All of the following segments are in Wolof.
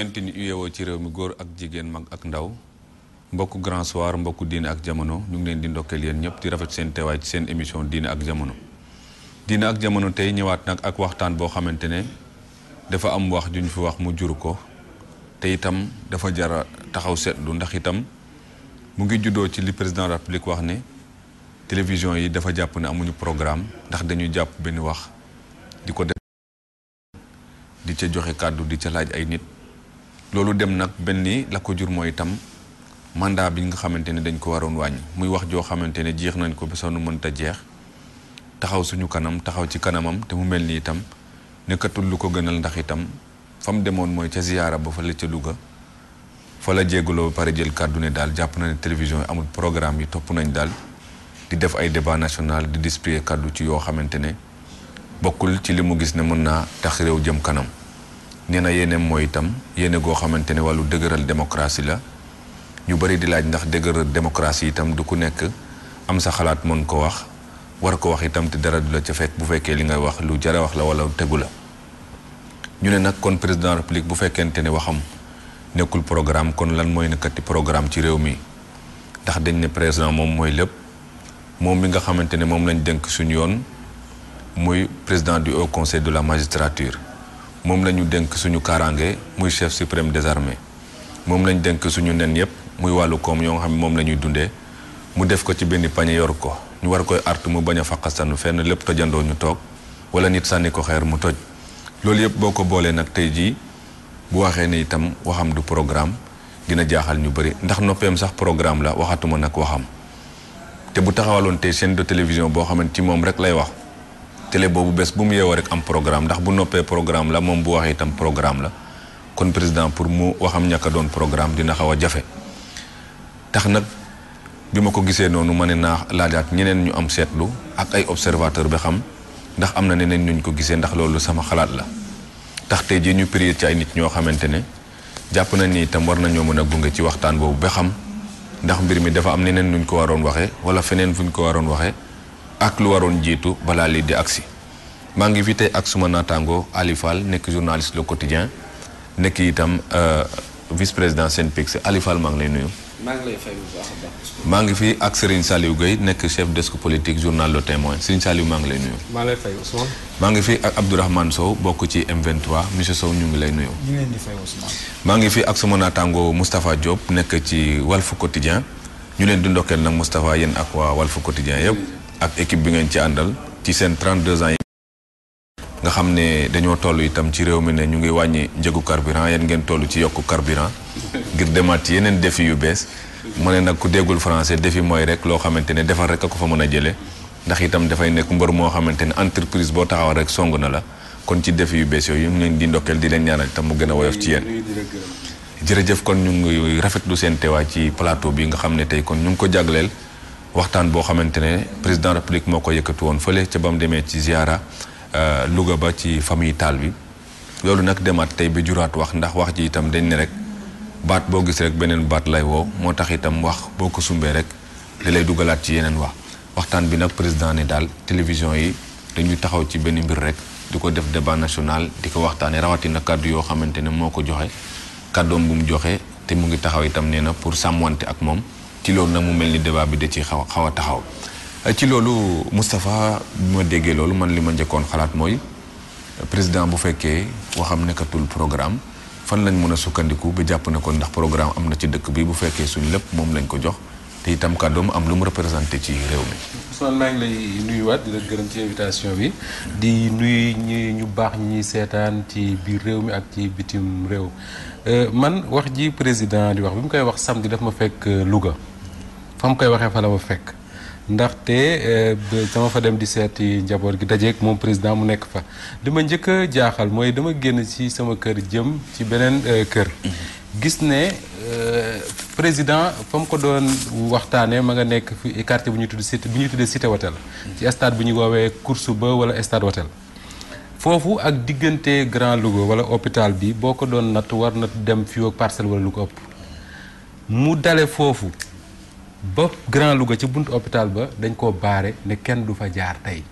ñeent ñi uyewoo ci réew mi góor ak jigéen mag ak ndaw mbokk grand soir mbokku diine ak jamono ñu ngi leen di ndokkeel yéen ñëpp di rafet seen teewaay ci seen émission diine ak jamono. diine ak jamono tey ñëwaat nag ak waxtaan boo xamante ne dafa am wax ju ñu fi wax mu juru ko te itam dafa jara taxaw seetlu ndax itam mu ngi juddoo ci li président de la république wax ne télévision yi dafa jàpp ne amuñu programme ndax dañuy jàpp benn wax di ko def di ca joxe kàddu di ca laaj ay nit. loolu dem nag benni ni la ko jur mooy itam mandat bi nga xamante ne dañ ko waroon wàññi muy wax joo xamante ne jeex nañ ko ba sonu mënta jeex taxaw suñu kanam taxaw ci kanamam te mu mel ni itam nekkatul lu ko gënal ndax itam fa demoon mooy ca ziyaara ba fa la ca Louga fa la jéegaloo ba pare jël kàddu ne daal jàpp na ne télévision yi amul programme yi topp nañ daal di def ay débat national di displier kàddu ci yoo xamante ne bokkul ci li mu gis ne mën naa tax réew jëm kanam nee na yéene mooy itam yéene goo xamante ne wàllu dëgëral démocratie la ñu bëri di laaj ndax dëgëral démocratie itam du ku nekk am sa xalaat mën ko wax war ko wax itam te dara du la ca fekk bu fekkee li ngay wax lu jara wax la wala tegu la ñu ne nag kon président république bu fekkente ne waxam nekkul programme kon lan mooy nekkati programme ci réew mi ndax dañ ne président moom mooy lépp moom mi nga xamante ne moom lañ dénk suñu yoon muy président du haut conseil de la magistrature moom la ñu dénk suñu kaaraange muy chef suprême des armées moom lañ dénk suñu nen yëpp muy wàllu koom yoo xam ne moom la ñuy dundee mu def ko ci benn pañe yor ko ñu war koy artu mu bañ a faqastanu fenn lépp tojandoo ñu toog wala nit sànni ko xeer mu toj loolu yëpp boo ko boolee nag tey jii bu waxee ne itam waxam du programme dina jaaxal ñu bari ndax noppeem sax programme la waxatuma nag waxam te bu taxawaloon tey chaîne de télévision boo xamante ci moom rek lay wax télé boobu bees bu mu yeewoo rek am programme ndax bu noppee programme la moom bu waxee itam programme la kon président pour mu waxam ñàkk a doon programme dina xaw a jafe tax nag bi ma ko gisee noonu ma ne naa laajaat ñeneen ñu am seetlu ak ay observateur bi xam ndax am na neneen ñu ko gisee ndax loolu sama xalaat la tax tey jii ñu prier ci ay nit ñoo xamante ne jàpp nañ ni itam war nañoo mën a gunge ci waxtaan boobu bi xam ndax mbir mi dafa am neneen nuñ ko waroon waxee wala feneen fuñ ko waroon waxee ak lu waroon jiitu balaa lii di aksi maa ngi fi tey ak suma naataango Ali Fall nekk journaliste Le Quotidien nekk itam euh, vice président SYNPICS Ali Fall maa ngi lay nuyu. maa ngi lay fi ak Serigne Saliou Gueye nekk chef desk politique journal Le Témoin Serigne Saliou maa ngi lay nuyu. maa ngi lay fay Ousmane. maa ngi fi ak Abdourahmane Sow bokk ci M23 monsieur Sow ñu ngi lay nuyu. ñu ngi leen di maa ngi fi ak suma naataango Moustapha Diop nekk ci Walf Quotidien ñu leen di ndokkeel nag Moustapha yéen ak waa Walf Quotidien yëpp. ak équipe bi ngeen ci àndal ci seen deux ans yi nga xam ne dañoo toll itam ci réew mi ne ñu ngi wàññi njëgu carburant yéen ngeen toll ci yokku carburant ngir demaat yeneen défi yu bees mu ne nag ku déggul français défi mooy rek loo xamante ne defar rek a ko fa mën a jëlee ndax itam dafay nekk mbër moo xamante ne entreprise boo taxaw rek song na la kon ci défi yu bees yooyu ñu ngi di ndokkeel di leen ñaanal itam mu gën a woyof ci yéen jërëjëf kon ñu ngi rafetlu seen ci plateau bi nga xam ne tey kon ñu ngi ko jagleel waxtaan boo xamante ne président république moo ko yëkkati woon fële ca ba mu demee ci ziara euh, Louga ba ci famille taal bi loolu nag demaat tey bi juraat wax ndax wax ji itam dañ ne rek baat boo gis rek beneen baat lay woo moo tax itam wax boo ko sumbee rek li lay dugalaat ci yeneen wax waxtaan bi nag président ne daal télévision yi dañu taxaw ci benn mbir rek di ko def débat national di ko waxtaanee rawatina kàddu yoo xamante ne moo ko joxe kàddoom bu mu joxe te mu ngi taxaw itam nee na pour sàmmante ak moom ci loolu nag mu mel ni débat bi da ci xaw xaw a taxaw ci loolu Moustapha bi ma déggee loolu man li ma njëkkoon xalaat mooy président bu fekkee waxam nekkatul programme fan lañ mën a sukkandiku ba jàpp ne ko ndax programme am na ci dëkk bi bu fekkee suñ lépp moom lañ ko jox te itam kàddoom am lu mu représenté ci réew mi. Ousmane maa ngi nuyuwaat di la gërëm bi di nuyu ñi ñu baax ñi seetaan ci biir réew mi ak ci bitim réew euh, man wax ji président di wax bi mu koy wax samedi daf ma fekk euh, Louga. fa mu koy waxee fa la ma fekk ndaxte euh, dama fa dem di seeti njaboot gi dajeek moom président mu nekk fa li ma njëkk jaaxal mooy dama génn ci sama kër jëm ci beneen euh, kër gis ne euh, président fa mu ko doon waxtaanee ma nga nekk fi quartier bu ñuy tudd cité bu ñuy tuddee cité hôtel ci stade bu ñuy woowee ba wala stade hôtel foofu ak diggante Grand Louga wala hôpital bi boo ko doon natt war na dem fii ak parcelle wala lu ko ëpp mu dale foofu ba Grand Louga ca buntu hôpital ba dañ koo baare ne kenn du fa jaar tey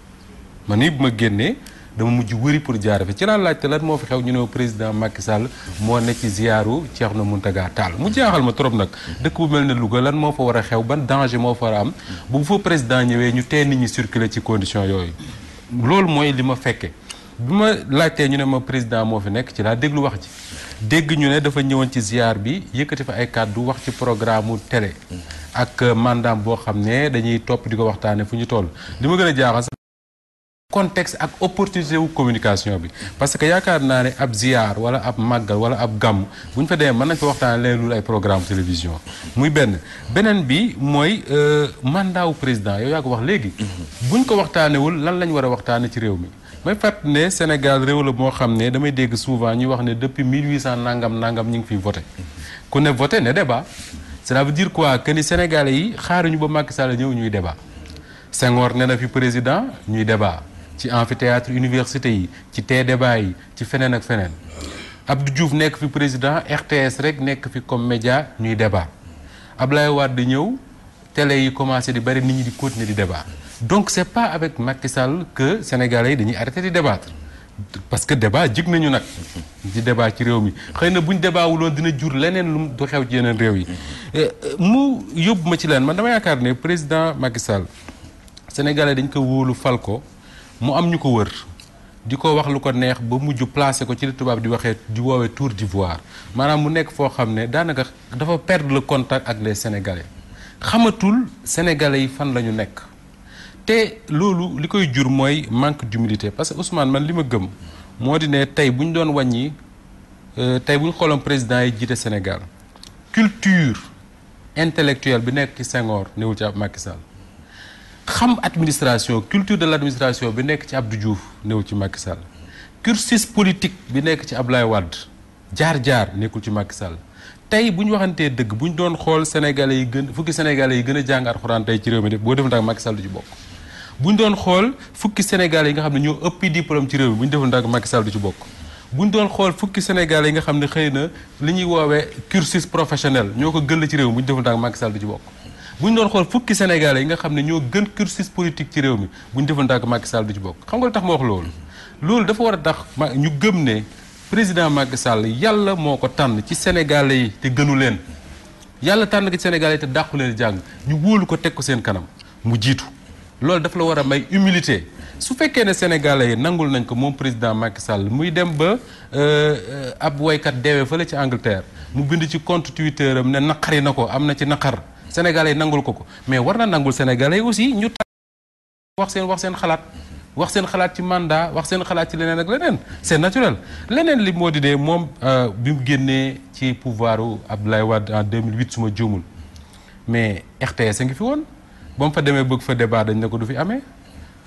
man ni bu ma génnee dama mujj wëri pour jaar fa ci laa laajte lan moo fi xew ñu ne président Macky Sall moo ne ci ziaru Thierno Mountaga Tall mu jaaxal ma trop nag dëkk bu mel ne Louga lan moo fa war a xew ban danger moo fa war a am bu fa président ñëwee ñu tee nit ñi circuler ci condition yooyu loolu mooy li ma fekke bi ma laajtee ñu ne ma président moo fi nekk ci laa déglu wax ci dégg ñu ne dafa ñëwoon ci ziar bi yëkkati fa ay kàddu wax ci programme mu télé ak mandaam boo xam ne dañuy topp di ko waxtaane fu ñu toll li ma gën a jaaxal sax contexte ak opportunité wu communication bi parce que yaakaar naa ne ab ziar wala ab màggal wala ab gàmm bu ñu fa demee mën nañ fa waxtaane leen lul ay programme télévision muy benn beneen bi mooy euh, mandat wu président yow yaa ko wax léegi mm-hmm. buñ ko waxtaanewul lan lañ war a waxtaane ci réew mi may fàttali ne Sénégal réew la moo xam ne damay dégg souvent ñuy wax ne depuis 1800 nangam nangam ñu ngi fi voté ku ne voté ne débat cela veut dire quoi que ni Sénégalais yi xaaruñu ba Macky Sall ñëw ñuy débat Senghor ne na fi président ñuy débat ci amphithéâtre université yi ci tee débat yi ci feneen ak feneen Abdou Diouf nekk fi président RTS rek nekk fi comme média ñuy débat Ablaye Wade ñëw télé yi commencé di bari nit ñi di continuer di débat donc c' est pas avec Macky Sall que sénégalais yi dañuy arrêté di débattre parce que débat jig nañu nag di débat ci réew mi xëy na buñ débat wuloon dina jur leneen lu mu du xew ci yeneen réew yi eh, eh, mu yóbbu ma ci leen man dama yaakaar ne président Macky Sall sénégalais dañ ko wóolu fal ko mu am ñu ko wër di ko wax lu ko neex ba mujj placé ko ci li tubaab di waxee di woowee tour d'ivoire maanaam mu nekk foo xam ne daanaka dafa perdre le contact ak les sénégalais xamatul sénégalais yi fan la ñu nekk te loolu li koy jur mooy manque d'humilité parce que Ousmane man li ma gëm moo di ne tey bu ñu doon wàññi euh, tey bu ñu xooloon président yi jiite Sénégal culture intellectuelle bi nekk ci sengoor newul ci ab Sall xam administration culture de l'administration bi nekk ci ab Abdou Diouf newul ci Macky Sall cursus politique bi nekk ci Ablaye Wade jaar-jaar nekkul ci Macky Sall tey bu ñu waxantee dëgg bu ñu doon xool sénégalais yi gën fukki sénégalais yi gën a jàng ci réew de boo def ndax Macky bokk bu ñu doon xool fukki sénégalais yi nga xam ne ñoo ëppi diplôme ci réew bu ñu deful ndànk Macky Sall ci bokk bu ñu doon xool fukki sénégalais yi nga xam ne xëy na li ñuy woowee cursus professionnel ñoo ko gën la ci réew mi bu ñu deful ndànk Macky Sall du ci bokk bu ñu doon xool fukki sénégalais yi nga xam ne ñoo gën cursus politique ci réew mi bu ñu deful ndànk Macky ci bokk xam nga lu tax ma wax loolu loolu dafa war a tax ñu gëm ne président Macky Sall yàlla moo ko tànn ci sénégalais yi te gënu leen yàlla tànn ko ci sénégalais yi te dàqu leen jàng ñu wóolu ko teg ko seen kanam mu jiitu loolu dafa la war a may humilité su fekkee ne sénégalais yi nangul nañ ko moom président Macky Sall muy dem ba euh, ab woykat deewee fële ci Angleterre mu bind ci compte Twitter am ne naqari na ko am na ci naqar sénégalais yi nangul ko ko mais war na nangul sénégalais yi aussi ñu wax seen wax seen xalaat wax seen xalaat ci mandat wax seen xalaat ci leneen ak leneen seen naturel leneen li moo di dee moom euh, bi mu génnee ci pouvoiru Abdoulaye Wade en 2008 su ma juumul mais RTS a ngi fi woon ba mu fa demee bëgg fa débat dañu ne ko du fi amee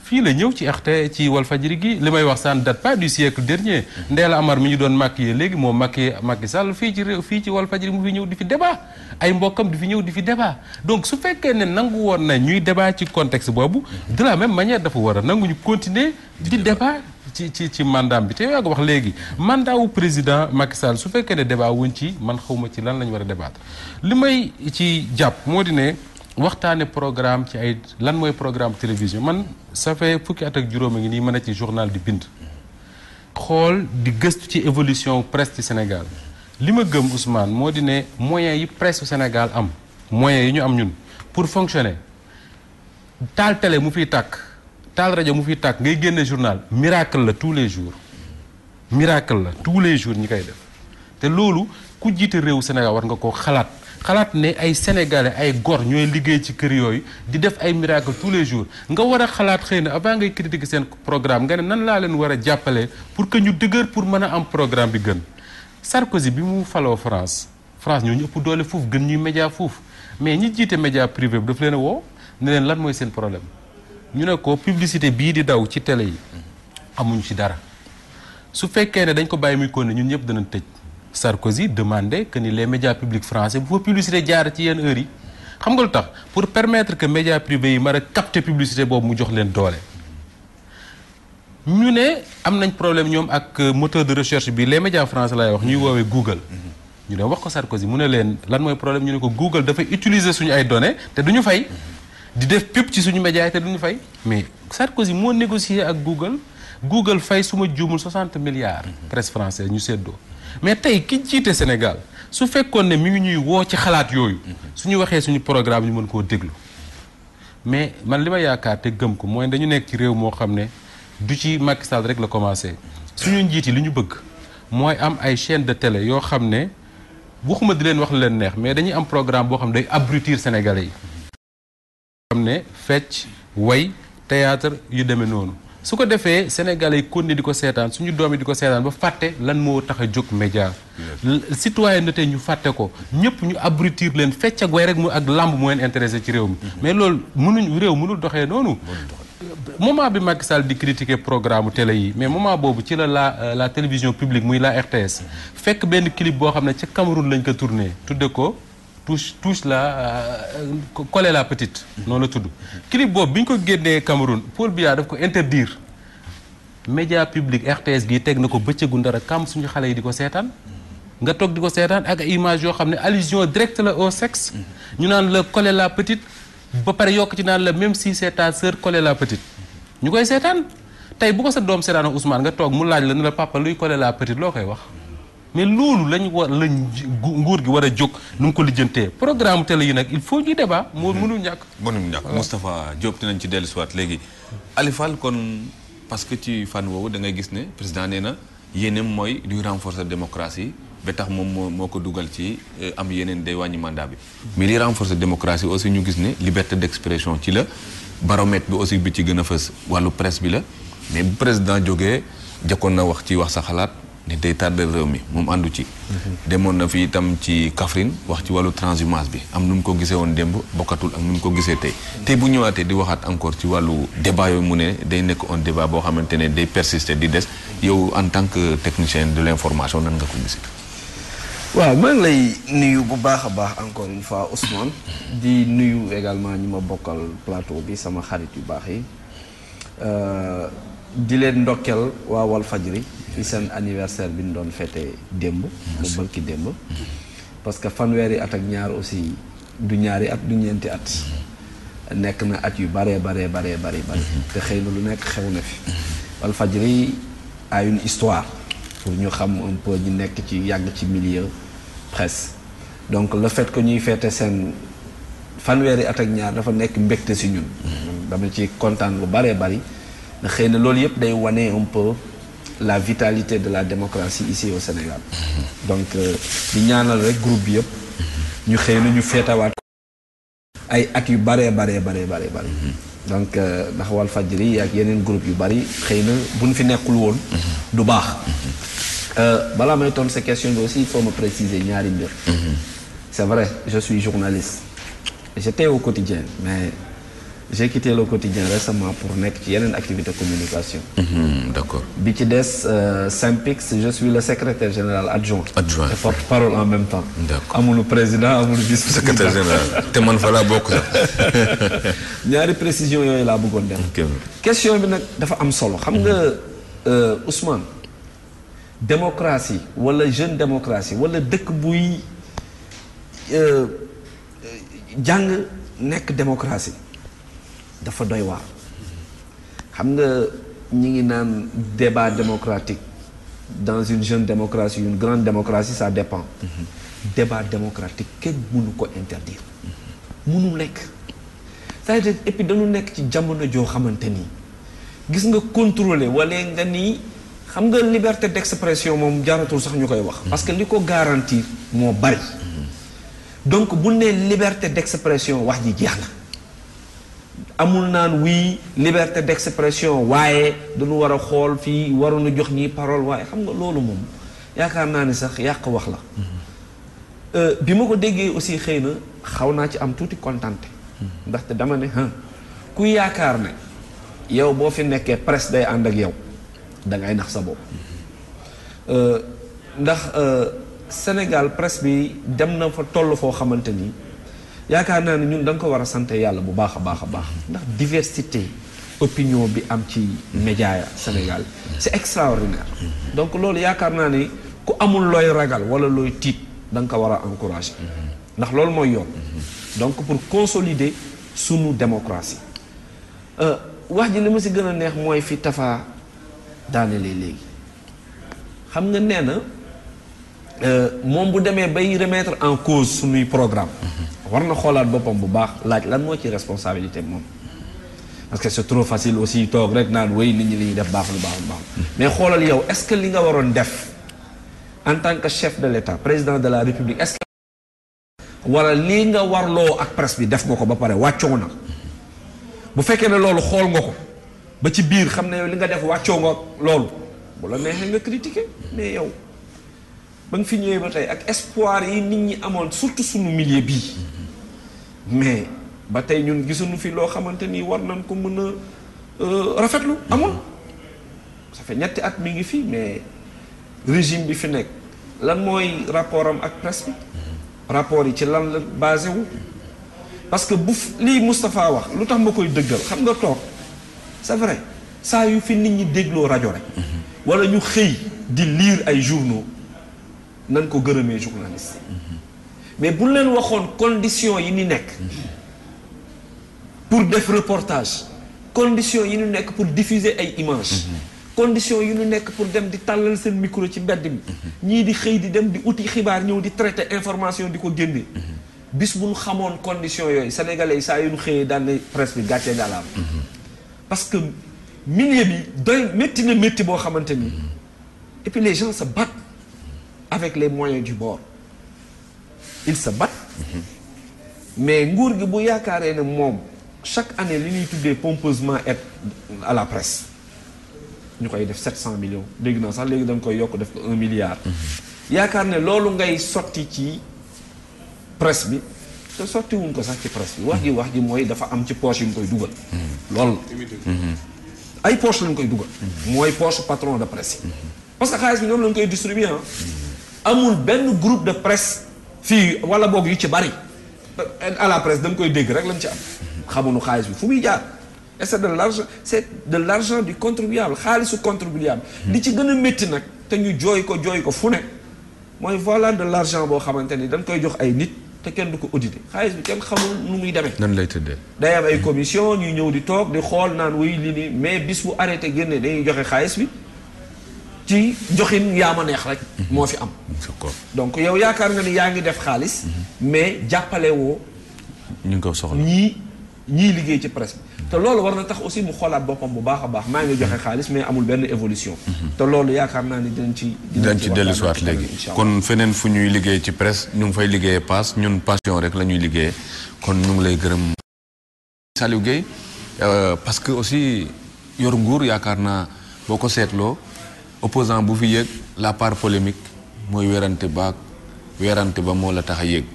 fii la ñëw ci RT ci fajiri gi li may wax ça ne date pas du siècle dernier Ndella Amar mi ñu doon maquillé léegi moo maquillé Macky Sall fii ci réew fii ci Walfadjri mu fi ñëw di fi débat ay mbokkam di ñëw di fi débat donc su fekkee ne nangu woon na ñuy débat ci contexte boobu de la même manière dafa war a nangu ñu continuer di débat ci ci ci mandat bi te wax léegi mandat président Macky Sall su fekkee ne débat wuñ ci man xawma ci lan la ñu war a débattre li may ci jàpp moo di ne waxtaane programme ci ay lan mooy programme télévision man ça fukki at ak juróom a ngi nii mën a ci journal di bind xool di gëstu ci évolution presse ci Sénégal li ma gëm Ousmane moo di ne moyens yi presse Sénégal am moyens yi ñu am ñun pour fonctionner taal télé mu fiy tàkk taal rajo mu fiy tàkk ngay génne journal miracle la tous les jours miracle la tous les jours ñi koy def te loolu ku jiite réew Sénégal war nga koo xalaat xalaat ne ay sénégalais ay gor ñooy liggéey ci kër yooyu di def ay miracle tous les jours nga war a xalaat xëy na avant ngay critiquer seen programme nga ne nan laa leen war a jàppale pour que ñu dëgër pour mën a am programme bi gën Sarkozy bi mu faloo France France ñoo ñu ëpp doole foofu gën ñuy média foofu mais ñi jiite média privé bi daf leen a woo ne leen lan mooy seen problème ñu ne ko publicité bii di daw ci télé yi amuñ ci dara su fekkee ne dañ ko bàyyi muy kon ne ñëpp danañ tëj Sarkozy demande que ni les médias publics français bu fa publicité jaar ci yenn heures yi xam nga lu tax pour permettre que médias privés yi mën a capter publicité boobu mu jox leen doole. ñu ne am nañ problème ñoom ak euh, moteur de recherche bi les médias français lay wax ñuy woowee Google. ñu dem wax ko Sarkozy mu ne leen lan mooy problème ñu ne ko Google dafay utiliser suñu ay données te duñu fay. di def pub ci suñu média te duñu fay. mais Sarkozy moo négocier ak Google Google fay su ma juumul 60 milliards. ñu séddoo. mais tey ki jiite Sénégal su fekkoon ne mi ngi ñuy woo ci xalaat yooyu suñu waxee suñu programme ñu mën koo déglu mais man li ma yaakaar te gëm ko mooy dañu nekk ci réew moo xam ne du ci Macky Sall rek la commencé suñu njiit yi li ñu bëgg mooy am ay chaine de télé yoo xam ne waxuma di leen wax leen neex mais dañuy am programme boo xam ne day abrutir sénégalais yi xam ne fecc way théâtre yu demee noonu su ko defee sénégal yi kon ne di ko seetaan suñu doom yi di ko seetaan ba fàtte lan moo tax a jóg na citoyenneté ñu fàtte ko ñëpp ñu abrutir leen fecc ak way rek mu ak lamb moo leen intéressé ci réew mi mm-hmm. mais loolu mënuñ réew munul doxee noonu moment bi Macky Sall di critiquer programme télé yi mais moment boobu ci la la euh, la télévision publique muy la RTS mm-hmm. fekk benn clip boo xam ne ca Cameroun lañ ko tourné tudde ko touche touche la euh, coller la petite. noonu la tudd. clip boobu bi ñu ko génnee Cameroun Paul Biya daf ko interdire. média public RTS gi teg na ko bëccëgu ndara kam suñu xale yi di ko seetaan. nga toog di ko seetaan ak image yoo xam ne allusion directe la au sexe. ñu naan la coller la petite. ba pare yokk ci naan la même si c'est ta sœur la petite. ñu koy seetaan tey bu ko sa doom seetaan Ousmane nga toog mu laaj la ne la papa luy coller la petite loo koy wax. mais loolu lañ war lañ nguur gi war a jóg nu ngi ko lijjante programme télé yi nag il faut ñuy débat moo mhm. mënul ñàkk mënul ñàkk Moustapha Diop dinañ ci dellu siwaat léegi Alifal kon parce que ci fànn woowu da ngay gis ne président nee na yéeneem mooy du renforcer démocratie be tax moom moo moo ko dugal ci eh, am yeneen day wàññi mandat bi mais li renforcer démocratie aussi ñu gis ne liberté d'expression ci la baromètre bi aussi bi ci gën a fës wàllu presse bi la mais président jógee jëkkoon na wax ci wax sa xalaat ne day tardel réew mi moom àndu ci mhm. demoon na fi itam ci Kaffrine wax ci wàllu transhumance bi am nu mu ko gisee woon démb bokkatul ak nu mu ko gisee tey tey bu ñëwaatee di waxaat encore ci wàllu débat yooyu mu ne day nekk on débat boo xamante ne day persister di des yow en tant que technicien de l'information nan nga ko gisee waaw maa ngi lay nuyu bu baax a baax encore une fois Ousmane di nuyu également ñi ma bokkal plateau bi sama xarit yu baax yi euh, di leen ndokkeel waa ci seen anniversaire bi ñu doon fêté démb bu bëkki démb mhm. parce que fanweeri at ak ñaar aussi du ñaari at du ñeenti at mhm. nekk na at yu baree baree baree bari mhm. bari te xëy na lu nekk xew na fi Walfadjri a une histoire pour ñu xam un ñu nekk ci yàgg ci milieu presse donc le fait ko ñuy fêté seen fanweeri at ak ñaar dafa nekk mbégte si ñun dama ci kontaan lu baree bari na xëy na loolu yëpp day wane un la vitalité de la démocratie ici au Sénégal. donc euh, di ñaanal rek groupe bi yëpp. ñu xëy na ñu feetawaat ay at yu baree bare baree baree bari donc euh, ndax Walfadjri ak yeneen groupe yu bari xëy na bu ñu fi nekkul woon. du baax. Euh, balaa may tontu sa question bi aussi il faut ñaari mbir. Mhm. c'est vrai je suis journaliste. j'étais au quotidien j'ai quitté le quotidien récemment pour nekk ci yeneen activité communication. Mmh, d'accord bi ci des euh, Synpics je suis le secrétaire général adjoint. adjoint et porte-parole en même temps. d'accord président amul vice. secrétaire général te man fa laa bokk sax. ñaari précision yooyu laa bëggoon def. question bi nag dafa am solo. xam nga mhm. euh, Ousmane. démocratie wala jeune démocratie wala dëkk buy euh, jàng nekk démocratie. dafa doy waar xam nga ñi ngi naan débat démocratique dans une jeune démocratie une grande démocratie ça dépend mhm. débat démocratique kenn mënu ko interdire mënul nekk c'est-à-dire et nekk ci jamono joo xamante nii gis nga contrôler wala nga nii xam nga liberté d'expression moom jaratul sax ñu koy wax parce que li ko garantir moo bari mhm. donc bu ne liberté d'expression wax ji jeex na amul naan wii liberté d'expression waaye dañu war a xool fii nu jox nii parole waaye xam nga loolu moom yaakaar naa ni sax yàq wax la euh, bi ma ko déggee aussi xëy na xaw naa ci am tuuti kontante ndaxte dama ne ah ku yaakaar ne yow boo fi nekkee presse day ànd ak yow da ngay nax sa bopp euh, ndax euh, Sénégal presse bi dem na fa toll foo xamante ni yaakaar naa ne ñun da nga ko war a sant yàlla bu baax a baax a baax ndax diversité opinion bi am ci média ya Sénégal c'est extraordinaire donc loolu yaakaar naa ni ku amul looy ragal wala looy tiit da nga ko war a encourager ndax loolu mooy yoon donc pour consolider sunu démocratie euh, wax ji li ma si gën a neex mooy fi Tafa daanelee léegi xam nga nee Euh, moom bu demee bay remettre en cause suñuy programme war na xoolaat boppam bu baax laaj lan moo ci responsabilité moom parce que c'est trop facile aussi toog rek naan wéy nit ñi li ñuy def baax lu baax lu baax mais xoolal yow est-ce que li nga waroon def en tant que chef de l'État président de la République est-ce que wala lii nga warloo ak presse bi def nga ko ba pare wàccoo na bu fekkee ne loolu xool nga ko ba ci biir xam na yow li nga def wàccoo nga loolu bu la neexee nga critiquer mais yow ba nga fi ñëwee ba tey ak espoir yi nit ñi amoon surtout suñu millier bii mais ba tey ñun gisuñu fi loo xamante nii war nañ ko mën a euh, rafetlu amul ça fait ñetti at mi ngi fi mais régime bi fi nekk lan mooy rapport am ak presse bi rapport yi ci lan la basé wu parce que bu lii Moustapha wax lu tax ma koy dëggal xam nga toog c'est vrai saa yu fi nit ñi dégloo rajo rek wala ñu xëy di liir ay journaux nan ko gërëmee journaliste mais bu leen waxoon condition yi ni nekk pour def reportage condition yi ñu nekk pour diffuser ay images condition yi ñu nekk pour dem di tàllal seen micro ci mbedd mi ñii di xëy di dem di uti xibaar ñëw di traiter information di ko génne bis bu ñu xamoon condition yooyu sénégalais yi saa yu ñu xëyee daan na presse bi gàccee parce que milieu bi doy métti na métti boo xamante ni et puis les gens avec les moyens du bord ils sa bat mais nguur gi bu yaakaaree ne moom chaque année li ñuy tuddee pompeusement aide à la presse ñu koy def 700 millions dégg naa sax léegi da koy yokk def ko 1 milliard. yaakaar ne loolu ngay sotti ci presse bi te sotti wuñ ko sax ci presse bi. wax ji wax ji mooy dafa am ci poche yu ñu koy dugal. loolu la ay poche lañ koy dugal. mooy poche patron de presse yi. parce que xaalis bi ñoom lañ koy distribuer ah. amul benn groupe de presse fii wala boog yu ci bari à la presse da koy dégg rek lañ ci am xamuñu xaalis bi fu muy jaar et c'est de l'argent c'est de l'argent du contribuable xaalisu contribuable li ci gën a métti nag te ñu jooy ko jooy ko fu ne mooy voilà de l'argent boo xamante ni dañ koy jox ay nit te kenn du ko audité xaalis bi kenn xamul nu muy demee. nan lay tëddee. day am ay commission ñuy ñëw di toog di xool naan wuy li nii mais bis bu arrêté génne dañuy joxe xaalis bi. ci joxin yaa ma neex rek. moo fi am. Mm-hmm. donc yow yaakaar na ni yaa ngi def xaalis. Mm-hmm. mais jàppale woo. ñu ngi ko soxla ñii ñii liggéey ci presse mm-hmm. te loolu war na tax aussi mu xoolaat boppam bu baax a baax maa ngi joxe xaalis mais amul benn évolution. te loolu yaakaar naa ni dinañ ci. dinañ ci dellusiwaat léegi kon feneen fu ñuy liggéey ci presse ñu ngi fay liggéeyee paas ñun passion rek la ñuy liggéeyee kon ñu ngi lay gërëm. Saliou Gueye euh, parce que aussi yor nguur yaakaar naa boo ko seetloo. opposant bu fi yéeg la part polémique mooy werante ba weerante ba moo la tax a yéeg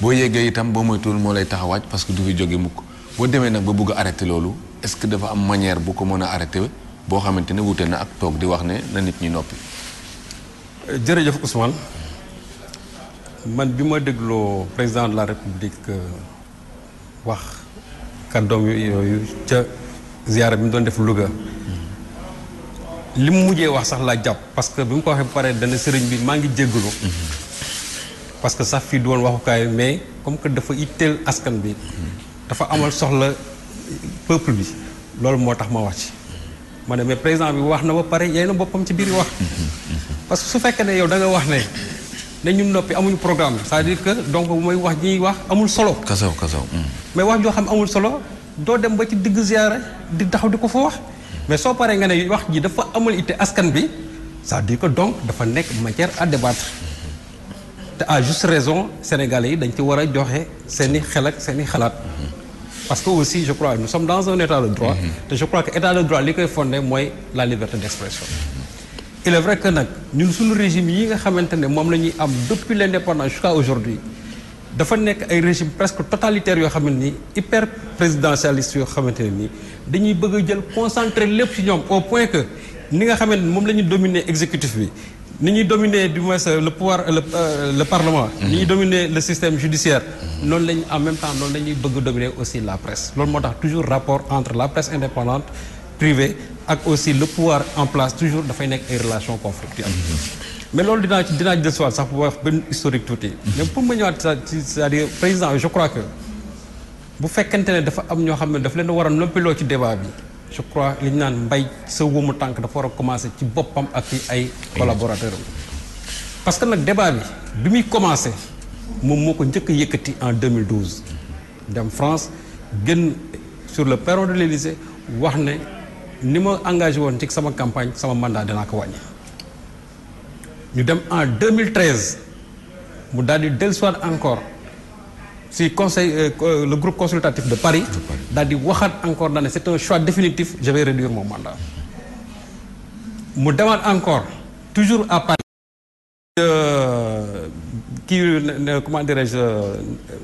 boo yéegee itam boo moytuwul moo lay tax parce que du fi jóge mukk boo demee nag ba bëgg a arrêté loolu est-ce que dafa am manière bu ko mën a arrêté boo xamante ne wute na ak toog di wax ne na nit ñi noppi. jërëjëf Ousmane man bi ma dégloo président de la république euh, wax kàddoom yooyu ca ziyaara bi mu doon def Louga. li mu mujjee wax sax laa jàpp parce que bi mu ko waxee pare dana sëriñ bi maa ngi jéggalu parce que sax fii du waxukaay mais comme que dafa itteel askan bi dafa amal soxla peuple bi loolu moo tax ma wax ci ma ne mais président bi wax na ba pare yey na boppam ci biir wax parce que su fekkee ne yow da wax ne ne ñu noppi amuñu programme cest dire que donc mooy wax ñiy wax amul solo kasaw kasaw mais wax joo xam amul solo doo dem ba ci digg ziyaara di taxaw di ko fa wax mais soo paree nga ne wax ji dafa amul itte askan bi c'est-à-dire que donc dafa nekk matière à débattre te à juste raison sénégalais yi dañ ci war a joxe seeni xel ak seeni xalaat parce que aussi je crois nous sommes dans un état de droit mm-hmm. te je crois que état de droit li koy fondé mooy la liberté d'expression il est vrai que nag ñun suñu régime yi nga xamante ne moom la ñuy am depuis l'indépendance jusqu'à aujourd'hui dafa nekk ay régime presque totalitaire yoo xamante ni hyper présidentialiste yoo xamante ne nii dañuy bëgg a jël concentrer lépp ci ñoom au point que ni nga xamante moom la ñu dominer exécutif bi ni ñuy dominer du moins euh, le pouvoir euh, le euh, le parlement. Mhm. ni ñuy dominer le système judiciaire. noonu lañ en même temps noonu la ñuy bëgg dominer aussi la presse loolu moo tax toujours rapport entre la presse indépendante privée ak aussi le pouvoir en place toujours dafay nekk ay relations conflictuelles. Mhm. mais loolu dinaa ci dinaa jël si waat sax bu wax benn historique tuuti. Mhm. bu fekkente ne dafa am ñoo xam ne dafa leen war a noppiloo ci débat bi je crois li ñu naan mbay sa wóomu tànk dafa war a commencer ci boppam ak ci ay collaborateur am parce que nag débat bi muy commencer moom moo ko njëkk yëkkati en 2012 dem France gën sur le perron de l'Élysée wax ne ni ma engagé woon ci sama campagne sama mandat dinaa ko wàññi ñu dem en 2013 mu daal di dellusiwaat encore ci conseil euh, euh, le groupe consultatif de Paris daal di waxaat encore na ne c'est un choix définitif je vais réduire mon mandat mu demaat encore toujours à Paris euh, kii euh, comment dirais-je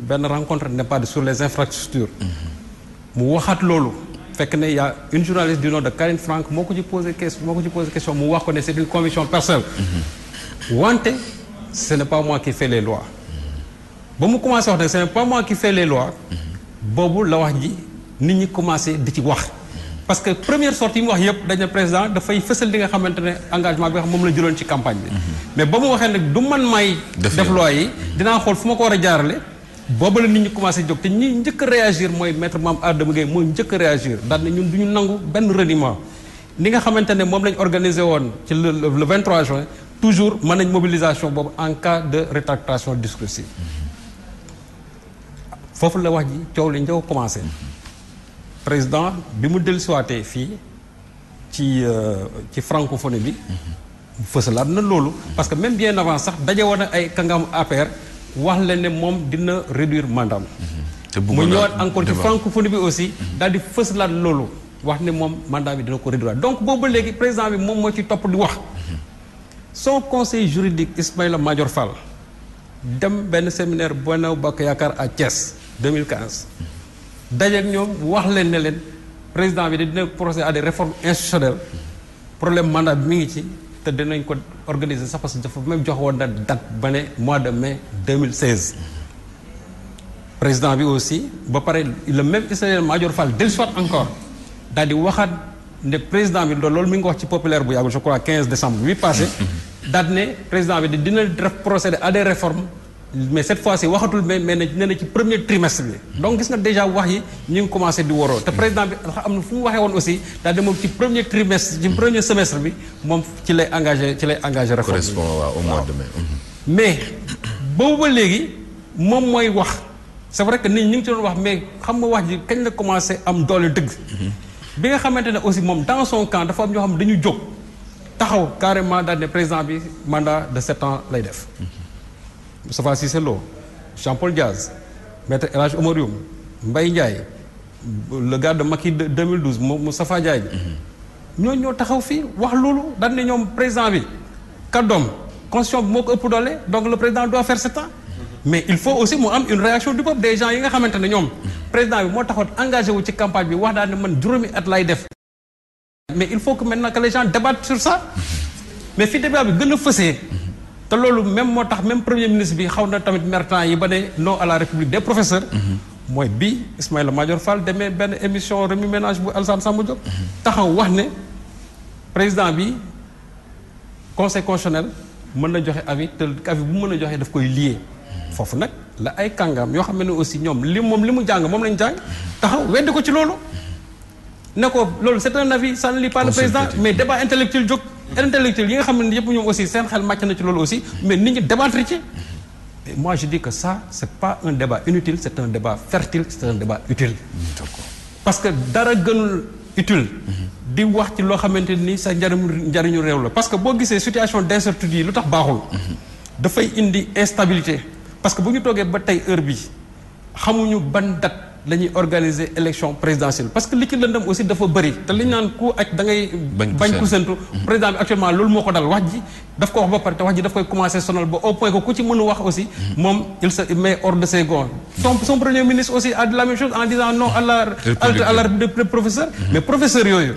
benn rencontre NEPAD sur les infrastructures mm-hmm. mu waxaat loolu fekk ne y a une journaliste du nom de Karine Franck moo ko ci posé question moo ko ci posé question mu wax ko ne c'est une conviction personnelle mm-hmm. wante ce n'est pas moi ki fais les lois ba mu commencé wax nag c'est pas moi qui fais les boobu la wax ji nit ñi commencer di ci wax parce que première sortie yi mu wax yëpp dañ ne président dafay fësal li nga xamante ne engagement bi nga xam la jëloon ci campagne bi mhm. mais ba mu nag du man may def loi yi dinaa xool fu ma ko war a jaarale boobu la nit ñi commencé jóg te ñi njëkk réagir mooy maître Mame Adama Gueye mooy njëkk réagir daal ne ñun du ñu nangu benn reniement ni nga xamante ne moom lañ organiser woon ci le 23 juin toujours mën nañ mobilisation boobu en cas de rétractation discursive foofu la wax ji coow lañ ko commencé président bi mu dellusiwaatee fii ci euh, ci francophonie bi fësalaat na loolu parce que même bien avant sax daje woon na ay kàngam APR wax leen ne moom dina réduire mandat mu ñëwaat encore ci francophonie bi aussi daal di fësalaat loolu wax ne moom mandat bi dina ko réduire donc boobu léegi président bi moom moo ci topp di wax son conseil juridique Ismaïla Madior Fall dem benn séminaire Benno Bokk Yaakaar à Thiès 2015 dajeeg ñoom wax leen ne leen président bi dina procéder à des réformes institutionnelles problème mandat bi mi ngi ci te dinañ ko organiser sax parce que dafa jox woon na date ba ne mois de mai 2016 président bi aussi ba pare le même Ismaïla Madior Fall dellusiwaat encore daal di waxaat ne président bi loolu mi ngi wax ci populaire bu yàggul je crois 15 décembre bi passé mm-hmm. daal ne président bi dina def procéder à des réformes mais cette fois ci waxatul mais mais nee na ci premier trimestre bi donc gis nga déjà wax yi ñu ngi commencé di waroo te président bi dafa am na fu mu waxee woon aussi daal de moom ci premier trimestre ci premier semestre bi moom ci lay engagé ci lay engagé réforme correspond waaw au mois de mai mais boobu léegi moom mooy wax c'est vrai que nit ñi ngi ci doon wax mais xam nga wax ji kañ la commencé am doole dëgg bi nga xamante ne aussi moom dans son camp dafa am ñoo xam ne dañu jóg taxaw carrément daal ne président bi mandat de sept ans lay def Moustapha Cissé Lo Jean Paul Diaz maître El Hadj Omar Youm Mbaye Ndiaye le gars de Macky 2012 Moustapha Ndiaye mm-hmm. ñooñu ñoo taxaw fii wax loolu daan ne ñoom président bi kàddoom constitution bi moo ko ëpp doole donc le président doit faire sept ans mm-hmm. mais il faut aussi mu am une réaction du peuple des gens yi nga xamante ne ñoom président bi moo taxoon engagé wu ci campagne bi wax daal ne man juróomi at lay def mais il faut que maintenant que les gens débattent sur ça mm-hmm. mais fi débat bi gën a fësee te loolu même moo tax même premier ministre bi xaw na tamit mertant yi ba ne non à la république des professeurs. mooy bi Ismaïla Madior Fall demee benn émission remue ménage bu Alassane Samba Diop. taxaw wax ne président bi conseil mën na joxe avis te avis bu mën a joxe daf koy lié. foofu nag la ay kàngam yoo xam ne aussi ñoom li moom li mu jàng moom lañu jàng taxaw weddi ko ci loolu. nekko loolu c'est un avis ça ne lie pas président mais débat intellectuel jóg. intellectuels yi nga xam ne yëpp ñoom aussi seen xel màcc na ci loolu aussi mais nit ñi débattre ci et moi je dis que ça c'est pas un débat inutile c'est un débat fertile c'est un débat utile parce que dara gënul utile di wax ci loo xamante ni sa njariñu njariñu réew la parce que boo gisee situation d'incertitude yi lu tax baaxul dafay indi instabilité parce que bu ñu toogee ba tey heure bi xamuñu ban date la ñuy organiser élection présidentielle parce que li ci lëndam aussi dafa bëri te li ñu naan ku aj da bañ ku sentu mm-hmm. président actuellement loolu moo ko dal wax ji daf ko wax ba pare te wax ji daf koy commencer sonal ba au point que ku ci mënu wax aussi mm-hmm. moom il se met hors de ses premier ministre aussi a dit la même chose en disant non à la à la de professeur mm-hmm. mais professeur yooyu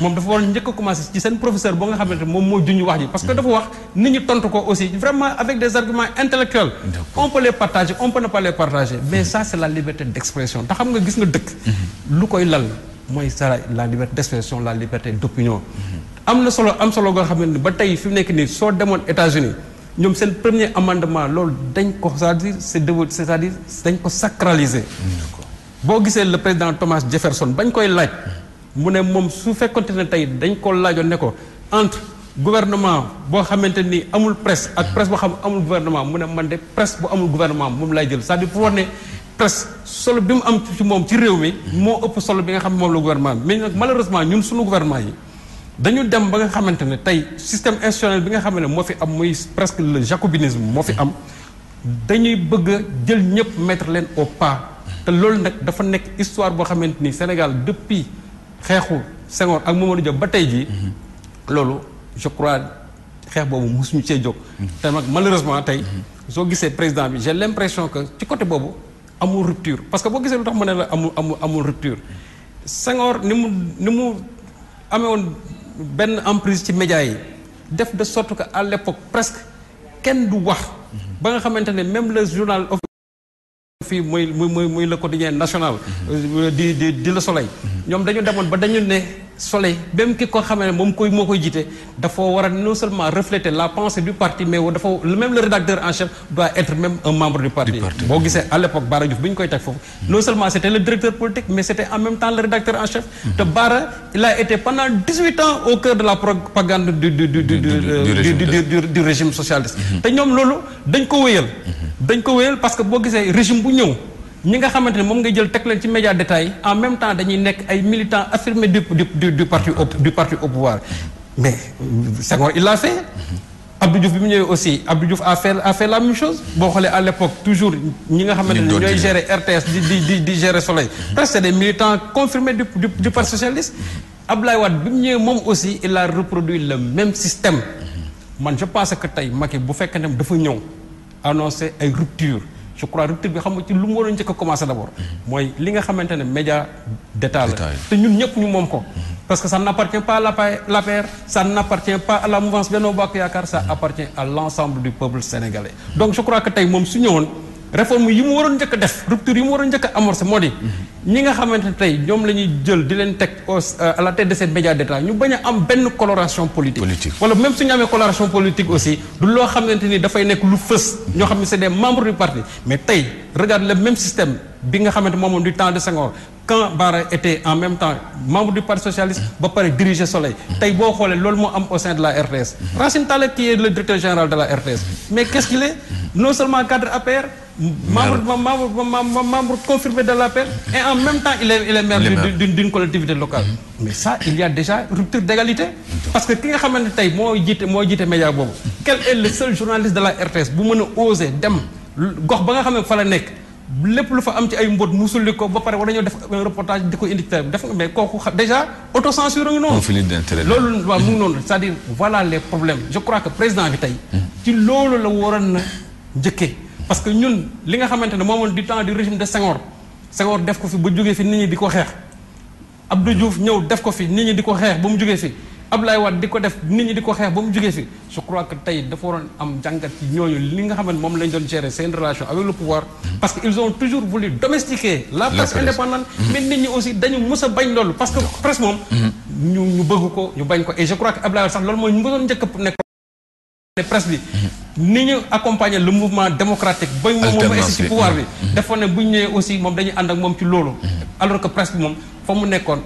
moom dafa waroon njëkk a commencé ci seen professeur boo nga xamante moom moo junj wax ji parce que dafa wax nit ñi tontu ko aussi vraiment avec des arguments intellectuels on peut partager on peut partager mais ça c' la liberté d' expression te xam nga gis nga dëkk mhm. lu koy lal mooy ça la liberté d' expression la liberté d' opinion mhm. am na solo am solo nga xamante ni ba tey fi mu nekk nii soo demoon États-Unis ñoom seen premier amendement loolu dañ ko c'est-à-dire c'est dévo boo gisee le président Thomas Jefferson bañ koy laaj mhm. mu ne moom su fekkonte ne tey dañ koo laajoon ne ko entre gouvernement boo xamante ni amul presse ak presse boo xam amul gouvernement mu ne man de presse bu amul gouvernement moom laay jël saa à dire pour wax ne presse solo bi mu am ci moom ci réew mi moo ëpp solo bi nga xam ne moom la gouvernement mais nag malheureusement ñun suñu gouvernement yi dañu dem ba nga xamante ne tey système institutionnel bi nga xam ne moo fi am muy presque le jacobinisme moo fi am dañuy bëgg a jël ñëpp mettre leen au pas te loolu nag dafa nekk histoire boo xamante ni Sénégal depuis xeexu Senghor ak Mamadou Dia ba tey jii. loolu je crois xeex boobu mosuñu cee jóg. te nag malheureusement tey. soo gisee président bi j'ai l'impression que ci côté boobu amul rupture parce que boo gisee lu tax ma ne la amul amul amul rupture. Senghor ni mu ni mu amee woon benn emprise ci médias yi def de sorte que à l'époque presque kenn du wax. ba nga xamante ne même le journal. fii muy muy ko le quotidien national di di di la soleil mm-hmm. ñoom dañu demoon ba dañu ne soleil même ki ko xamee ne moom koy moo koy jiite dafa war a non seulement refléter la pensée du parti mais dafa même le rédacteur en chef doit être même un membre du parti boo gisee à l'époque Bara Diouf bi ñu koy teg foofu non seulement c'était le directeur politique mais c'était en même temps rédacteur en chef mm-hmm. te Bara il a été pendant dix-huit ans au cœur de la propagande du régime socialiste mm-hmm. te ñoom loolu dañ ko wéyal mm-hmm. dañ ko wéyal parce que boo gisee régime bu ñëw ñi nga xamante ne moom nga jël teg leen ci média détail en même temps dañuy nekk ay militants affirmés du du du parti au du parti au pouvoir mais Senghor il l'a fait Abdou bi mu ñëwee aussi Abdou à a fait a fait la même chose boo xoolee à l'époque toujours ñi nga xamante ne ñooy gérer RTS di di di di gérer Soleil presque c'est des militants confirmés du du du parti socialiste Abdoulaye bi mu ñëwee moom aussi il a reproduit le même système man je pense que tey Macky bu fekkee ne dafa ñëw annoncé ay rupture je crois rupture bi xam nga ci lu mu waroon njëkk a commencé d' mooy li nga xamante ne média d' état la. te ñun ñëpp ñu moom ko. parce que ça n' appartient pas à l'APR ça n' appartient pas à la mouvance Benno Bokk Yaakaar sa appartient à l' ensemble du peuple sénégalais. donc je crois que tey moom su ñëwoon. réforme yi mu waroon njëkk def rupture yi mu waroon njëkk amorcé moo di ñi nga xamante ne tey ñoom lañuy jël di leen teg au euh, à la tête de ces médias d'état ñu bañ a am benn coloration politique wala même suñu amee coloration politique aussi du loo xamante ni dafay nekk lu fës ñoo xam ne c'est membre membres du parti mais tey regarde le même système bi nga xamante moomoom du temps de Senghor quand Bara était en même temps membre du parti socialiste ba pare diriger Soleil tey boo xoolee loolu moo am au sein de la RTS Racine Talla qui est le directeur général de la RTS mais qu'est-ce seulement cadre APR membre membre membre confirmé de l'APR et en même temps il est il est maire d'une collectivité locale mais ça il y a déjà rupture d'égalité parce que ki nga xamante ne tey moo jiite moo jiite média boobu quel est le seul journaliste de la RTS bu mën a oser dem gox ba nga xam ne fa la nekk lépp lu fa am ci ay mbóot musulli ko ba pare war nañoo def un reportage di ko indi def nga mais kooku xa déjà autocensure ngi noonu. conflit d'intérêt loolu waaw mu ngi noonu c'est-à-dire voilà les problèmes je crois que président bi tey. Hmm. ci loolu la waroon na njëkkee. parce que ñun li nga xamante ne moomoon di temps di régime de Senghor Senghor def ko fi ba jógee fi nit ñi di ko xeex Abdou Diouf ñëw def ko fi nit ñi di ko xeex ba mu jógee fi. Abdoulaye Wade di ko def nit ñi di ko xeex ba mu jógee fi je crois que tey dafa waroon am jàngat ci ñooñu li nga xam ne moom lañ doon gérer seen relation avec le pouvoir mm-hmm. parce que ils ont toujours voulu domestiquer la presse indépendante mm-hmm. mais nit ñi aussi dañu mës a bañ loolu parce que presse moom mm-hmm. ñu ñu bëgg ko ñu bañ ko et je crois que Abdoulaye Wade sax loolu mooy ñu mësoon njëkk nekk ne bi ni ñu accompagner le mouvement démocratique ba moom moom egsi ci pouvoir bi bu ñu ñëwee aussi moom dañuy ànd moom ci loolu alors que presse bi moom fa mu nekkoon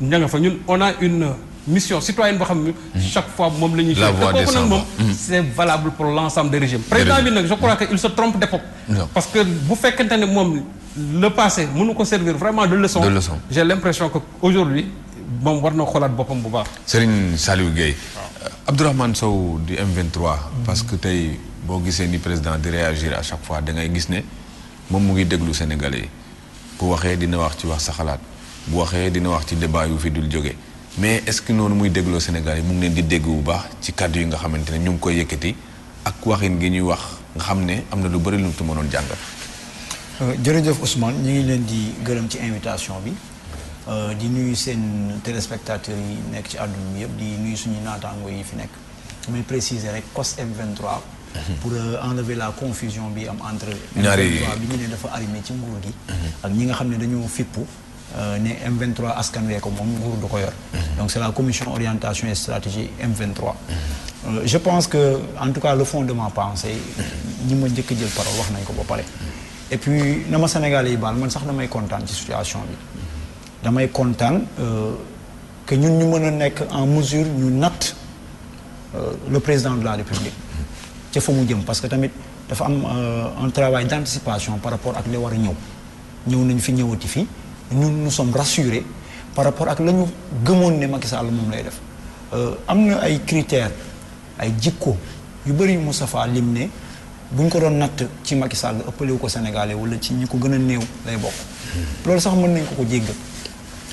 ña nga fa ñun on a une mission citoyenne boo xam ne. chaque fois moom la ñuy. la voix des sans voix kooku nag moom. Mm. c' est valable pour l' ensemble des président bi nag je crois que il se trompe d' époque. parce que bu fekkente ne moom le passé mënu ko servir vraiment de leçon. de leçon j'ai l'impression que aujourd'hui moom war na xoolaat boppam bu baax. Serigne Saliou Gueye. waaw euh, Abdourahmane Sow du M23. parce que tey boo gisee ni président di réagir à chaque fois da ngay gis ne moom mu ngi déglu Sénégalais yi bu waxee dina wax ci wax sa xalaat bu waxee dina wax ci débat yu fi dul jóge mais est-ce que noonu muy dégloo Sénégal yi mu ngi leen di dégg bu baax ci kàddu yi nga xamante ne ñu ngi koy yëkkati ak waxin gi ñuy wax nga xam ne am na lu bëri lu mu ci mënoon jàngal. Euh, jërëjëf Ousmane ñu ngi leen di gërëm ci invitation bi euh, di nuyu seen téléspectateurs yi nekk ci àdduna bi yëpp di nuyu suñu naataangoo yi fi nekk may préciser rek COS M23. Mhm. pour euh, enlever la confusion bi am entre. ñaari M23 bi ñu ne dafa arrimé ci nguur gi. Mhm. ak ñi nga xam ne dañoo fippu. Euh, ne M23 askan wee ko moom nguur du ko yor. Mhm. donc c' la commission orientation et stratégie M23. Mhm. Euh, je pense que en tout cas le fond de ma pensée. Mhm. ñi ma njëkk jël parole wax nañ ko ba pare. et puis na ma Sénégalais yi baal man sax damay kontaan ci situation bi. damay kontaan euh, que ñun ñu mën a nekk en mesure ñu natt le président de la république. ca fa mu jëm parce que tamit dafa am un travail d' anticipation par rapport ak li war a ñëw. ñëw nañ fi ñëwati fi. ñun nous sommes rassurés par rapport ak lañu gëmoon ne Macky Sall moom lay def euh, am na ay critères ay jikko yu bëri Moustapha lim ne bu ñu ko doon natt ci Macky Sall ëppale ko Sénégalais wala ci ñu ko gën a néew lay bokk. loolu sax mën nañ ko ko jéggal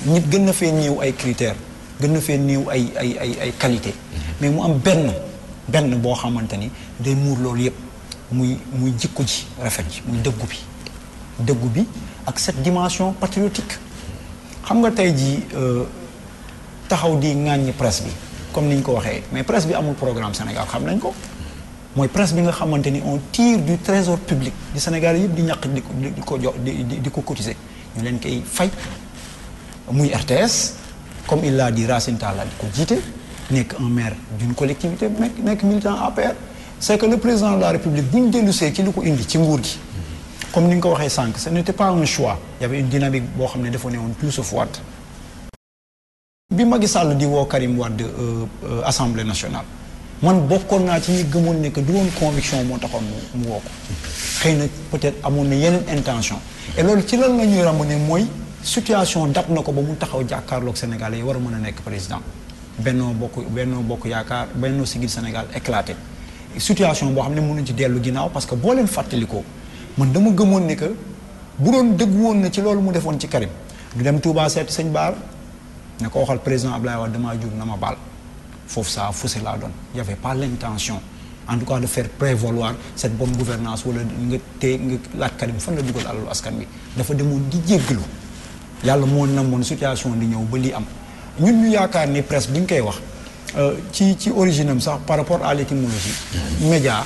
nit gën na fee néew ay critères gën na fee néew ay ay ay ay qualité mais mu am benn benn boo xamante ni day muur loolu yëpp muy muy jikko ji rafet ji muy dëggu bi dëggu bi. ak set dimension patriotique xam nga tey jii euh, taxaw di ŋàññi presse bi comme ni ñu ko waxee mais presse bi amul programme Sénégal xam nañ ko mooy presse bi nga xamante ni on tire du trésor public di Sénégal yëpp di ñàq di ko di ko jox di ko cotiser ñu leen koy fay muy RTS comme illa di dit di ko jiite nekk un maire d'une collectivité nekk nekk militant APR c'est que le président de la République bu ñu dellusee ci li ko indi ci nguur gi comme ni nga ko waxee sànq ce n'était pas un choix il y une dynamique boo xam ne dafa ne woon plus of Wade bi Macky Sall di woo Karim Wade euh, euh, assemblée nationale man bokkoon naa ci ñi gëmoon ne que du woon conviction moo taxoon mu woo ko xëy na peut-être amoon na yeneen intention et loolu ci lan la ñuy ramener mooy situation dab na ko ba mu taxaw jàkkaarloog Sénégalais yi war a mën a nekk président Benno Bokk Benno Bokk Yaakaar Benno Siggil Sénégal éclaté situation boo xam ne mënuñ ci dellu ginnaaw parce que boo leen fàttalikoo man dama gëmoon ni que bu doon dëgg woon na ci loolu mu defoon ci Karim du dem Touba seet sëñ Baara na ko waxal président Ablaye Wade damaa jur na ma baal foofu ça faussé laa doon y'avait pas l'intention en tout cas de faire prévaloir cette bonne gouvernance wala nga tey nga laaj Karim fan la dugal alalu askan bi dafa demoon di jéggalu yàlla moo namoon situation di ñëw ba li am ñun ñu yaakaar ni presque bi ñu koy wax euh, ci ci origine am sax par rapport à l'étymologie média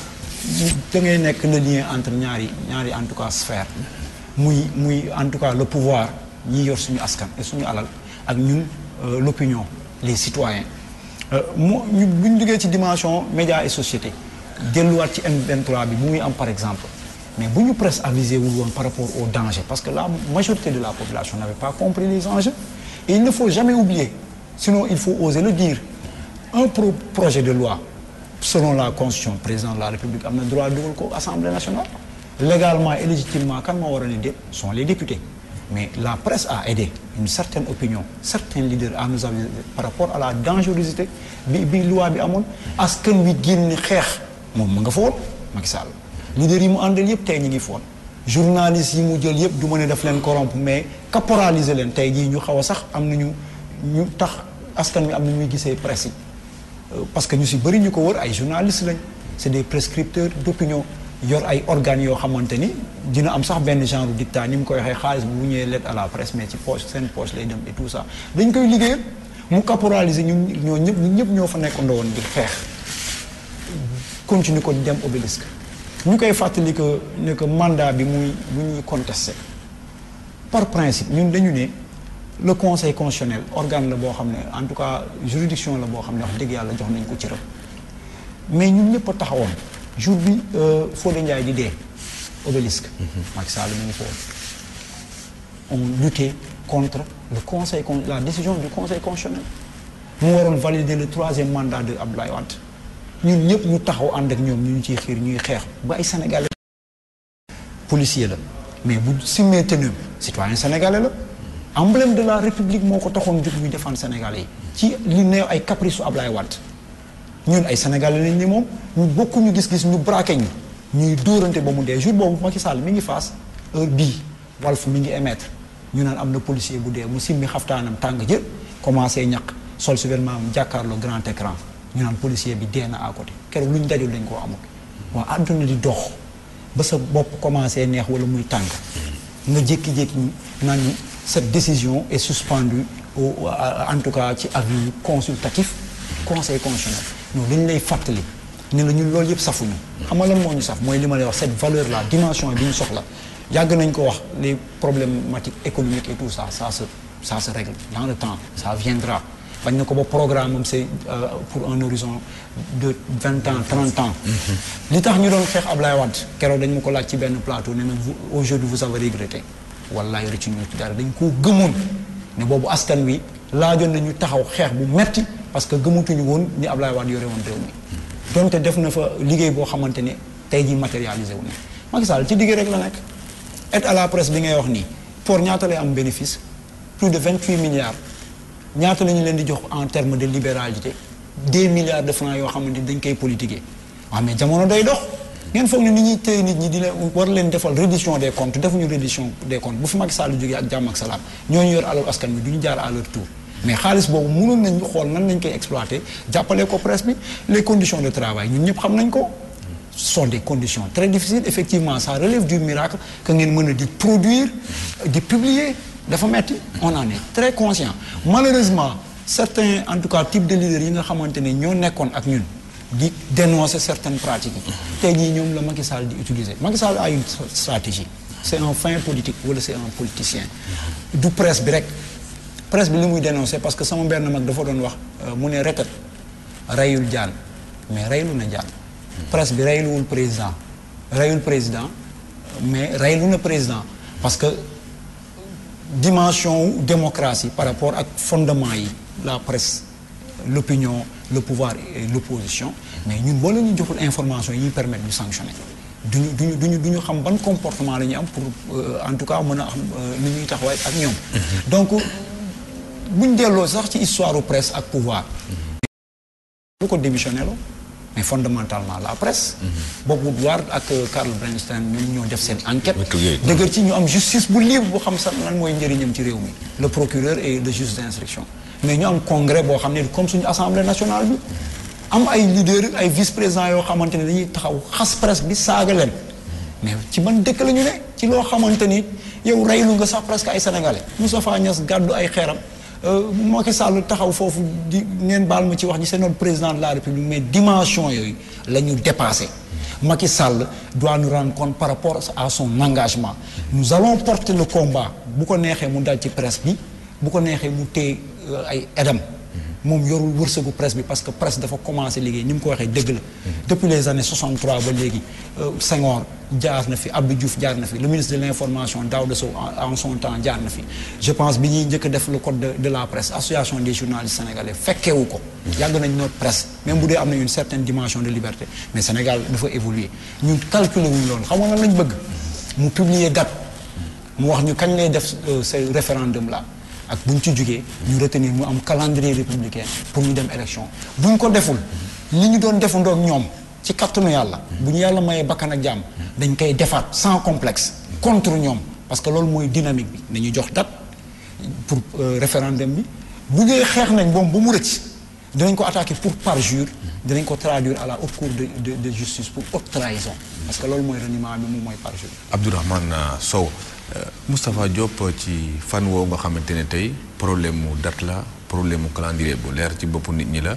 da ngay nekk le lien entre ñaari ñaari en tout cas sphère muy muy en tout cas le pouvoir ñi yor suñu askan et suñu alal ak ñun euh, l'opinion les citoyens euh, mu ñu bu ñu duggee ci dimension média et société delluwaat ci M23 bi bu muy am par exemple mais bu ñu presse avisé wul woon par rapport au danger parce que la majorité de la population n'avait pas compris les enjeux et il ne faut jamais oublier sinon il faut oser le dire un pro projet de loi selon la constitution président de la république am na droit dugal ko assemblée nationale légalement et légitimement kan moo war a ne déet sont les députés mais la presse a aidé une certaine opinion certains leaders à nous aviser par rapport à la dangerosité bi bi loi bi amoon askan wi génn xeex moom mu nga fa ma Macky Sall leaders yi mu àndal yëpp tey ñu ngi foon journalistes yi mu jël yëpp du ma ne daf leen corrompre mais caporaliser leen tey jii ñu xaw a sax am nañu ñu tax askan wi am na ñuy gisee presse Euh, parce que ñu si bëri ñu ko wër ay journalistes lañ c'est des prescripteurs d'opinion yor ay organes yoo xamante ni dina am sax benn genre dictat ni mu koy waxee xaalis bu mu ñëwee lettre à la presse mais ci poche seen poche lay dem et tout ça dañ koy liggéey mu caporaliser ñun ñoo ñëpp ñëpp ñoo fa nekkandoo woon di xeex continue ko dem obélisque ñu koy fàttali que ne que mandat bi muy mu ñuy contesté par principe ñun dañu ne le conseil constitutionnel organe la boo xam ne en tout cas juridiction la boo xam ne wax dégg yàlla jox nañ ko cëram mais ñun ñëpp a taxawoon jour bi euh, Fodé Ndiaye di dee obélisque. Mhm. Macky Sall mi ngi foofu. on lutté contre le conseil con la décision du conseil constitutionnel. mu waroon valider le troisième mandat de Abdoulaye Wade ñun ñëpp mu taxaw ànd ak ñoom ñu ngi ciy xiir ñuy xeex ba ay sénégalais. policier la mais bu simmee tenue citoyen sénégalais la. emblème de la république moo ko taxoon jug ñuy défendre sénégalais yi ci li neew ay caprice su Ablaye Wade ñun ay sénégalais lañ ni moom ñu bokkuñu gis-gis ñu braqué ñu ñuy dóorante ba mu dee jour boobu Macky Sall mi ngi faas heure bii Walf mi ngi émettre ñu naan am na policier bu dee mu simmi xaftaanam tàng jër commencé ñaq sol souverain am jàkkaarloo grand écran ñu naan policier bi dee na à côté keroog lu ñu dajul lañ koo amul waa àdduna di dox ba sa bopp commencé neex wala muy tàng nga jékki-jékki naan cette décision est suspendue au en tout cas ci avis consultatif conseil constitutionnel ñun dañu lay fàttali ne la loolu yëpp safuñu xam nga lan moo ñu saf mooy li ma lay wax cette valeur là dimension bi ñu soxla yàgg nañ ko wax les problématiques économiques et tout ça ça se ça se règle dans le temps ça viendra bañ na ko ba programme am c'est euh, pour un horizon de vingt ans trente ans mm-hmm. li tax ñu doon xeex Ablaye Wade keroog dañu ma ko laaj ci benn plateau ne na aujourd'hui vous avez regretté wallaay rëccu ñu ci dara dañ koo gëmoon ne boobu askan wi laajoon nañu taxaw xeex bu metti parce que gëmatuñu woon ni wax di yore woon réew mi donte def na fa liggéey boo xamante ne tey ji matérialisé wu na Macky ci digg rek la nekk aide à la presse bi ngay wax nii pour ñaata lay am bénéfice plus de vingt huit milliards ñaata lañu leen di jox en terme de libéralité deux milliards de francs yoo xamante ni dañ koy politiquer waaw mais jamono day dox ngeen foog ne ni ñuy téye nit ñi di leen war leen defal reddition des comptes defuñu reddition des comptes bu fi Macky Sall jógee ak jàmm ak salaam ñooñu yor alal askan bi duñu jaar à leur tour mais xaalis boobu mënoon nañ xool nan nañ koy exploité jàppale ko presse bi les conditions de travail ñun ñëpp xam nañ ko sont des conditions très difficiles effectivement ça relève du miracle que ngeen mën a di produire di publier dafa metti on en est très conscient en tout cas type de yi nga xamante ne ñoo nekkoon ak ñun di dénoncer certaines pratiques yi. tey jii ñoom la Macky Sall di utiliser Macky Sall a une stratégie. c' un fin politique wala c' est un politicien. du presse bi rek presse bi li muy dénoncer parce que sama benn mag dafa doon wax euh, mu ne reket reyul jaan mais reylu na jaan. presse bi reyluwul président reyul président mais reylu na président parce que dimension démocratie par rapport ak fondement yi la presse lopinion le pouvoir et l'opposition mais ñun boo leen ñu joxul information yi permettre ñu sanctionner duñu duñu duñu du ñu xam ban comportement la ñuy am pour euh, en tout cas mën a xam euh, ni ñuy taxawaay ak ñoom mm-hmm. donc buñ delloo sax ci histoire presse ak pouvoir bu mm-hmm. ko démissionné lo mais fondamentalement la presse mm-hmm. Bob Woodward ak Carl euh, Bernstein ñoo def seen enquête dëgër ci ñu am justice bu libre bu xam sax mooy njëriñam ci réew mi le procureur et le juge d'instruction mais ñu am congrès boo xam ne comme suñu assemblée nationale bi am ay leader ay vice président yoo xamante ne dañuy taxaw xas presse bi saaga leen mais ci man dëkk la ñu ne ci loo xamante ni yow reylu nga sax presque ay sénégalais Moustapha Niass gàddu ay xeeram euh, Macky Sall taxaw foofu di ngeen baal ma ci wax ñi c'est président de la république mais dimension yooyu lañu ñu dépassé Macky Sall doit nous rendre compte par rapport à son engagement nous allons porter le combat bu ko neexee mu dal ci presse bi bu ko neexee mu téye Euh, ay edam moom yorul wërsëgu presse bi parce que presse dafa commencé liggéey ni mu ko waxee dëgg la. depuis les années 63 ba léegi euh, Senghor jaar na fi Abdou Diouf jaar na fi le ministre de l' information Daouda Sow en son temps jaar na fi. je pense bi ñuy njëkk def le code de de la presse association des journalistes sénégalais fekkewu ko. yàgg nañ notre presse même bu dee am na une certaine dimension de liberté mais Sénégal dafa évoluer ñun calculer wuñ loolu xam nga lan lañ bëgg. mu publier mu wax ñu kañ lay def euh, ce référendum là. ak bu ñu ci jugee ñu retenir mu am calendrier républicain pour ñu dem élection bu ñu ko deful ni ñu doon defandoo ak ñoom ci kattanu yàlla bu ñu yàlla mayee bakkan ak jàmm dañ koy defaat sans complexe contre ñoom parce que loolu mooy dynamique bi nañu jox date pour euh, référendum bi bu ñuy xeex nañ moom bu mu rëcc dinañ ko attaquer pour parjure dinañ ko traduire à la haute cour de de de justice pour haute trahison parce que loolu mooy reniement bi moom mooy parjure Abdourahmane euh, Euh, Moustapha Diop euh, ci fan woo nga xamante ne tey problème mu date la problème mu calendrier bu leer ci boppu nit ñi la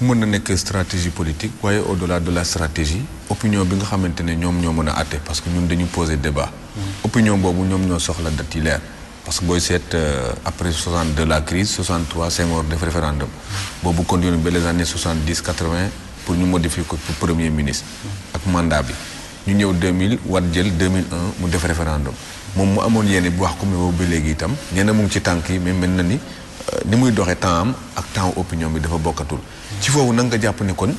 mën na nekk stratégie politique waaye au delà de la stratégie opinion bi nga xamante ne ñoom ñoo mën a àtte parce que ñun dañu poser débat. Mm-hmm. opinion boobu ñoom ñoo soxla date yi leer. parce que booy seet euh, après 62 la crise 63 or def référendum. Mm-hmm. boobu continué ba les années 70 80 pour ñu modifier ko pour premier ministre. Mm-hmm. ak mandat bi ñu ñëw 2000 war jël 2001 mu def moom mu amoon yéene bi wax comme boobu ba léegi itam nee na mu ngi ci tànk yi mais mel na ni euh, ni muy doxee temps am ak temps opinion bi dafa bokkatul. ci foofu na nga jàpp ne kon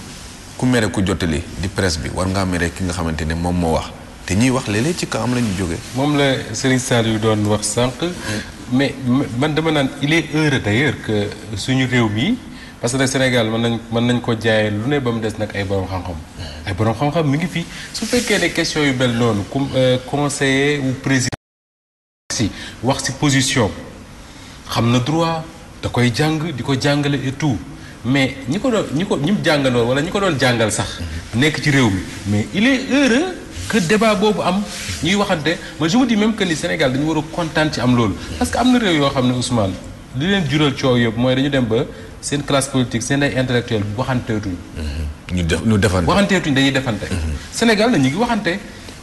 ku mere ku jottali di presse bi war ngaa mere ki nga xamante ne moom moo wax te ñuy wax léeg-léeg ci kaam la ñu jógee. moom la Serigne Saliou doon wax sànq. mais man dama naan il est heureux d'ailleurs suñu réew mi parce que Sénégal mën nañ mën nañ ko jaayee lu ne ba mu des nag ay borom xam-xam. ay mi ngi fi su fekkee ne question yu mel noonu comme euh, conseiller ou président. wax si position xam na droit da koy jàng di ko jàngale et tout mais ñi ko doon ñi ko ñi mu jàngandoo wala ñi ko doon jàngal sax nekk ci réew mi mais il est heureux que débat boobu am ñuy waxante ma je di dis même Sénégal dañu war a kontaan am loolu parce que am na réew yoo xam ne Ousmane li leen jural coow yëpp mooy dañu dem ba seen classe politique seen ay intellectuel waxanteetuñ ñu def ñu defante waxanteetuñ dañuy defante mhm. Sénégal na ñu ngi waxante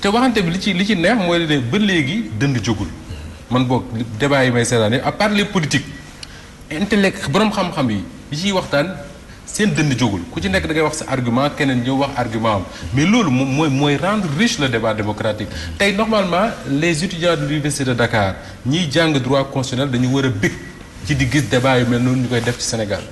te waxante bi li ci li ci neex mooy ne ba léegi dënd jógul man boog débat yi may seetaan à part les politiques intellect borom xam-xam yi yi ciy waxtaan seen dënd jógul ku ci nekk da ngay wax sa argument keneen ñëw wax argument am mais loolu moom mooy mooy rendre riche le débat démocratique tey normalement les étudiants de l'université de Dakar ñiy jàng droit constitutionnel dañu war a bég ci di gis débat yu mel noonu ñu koy def ci Sénégal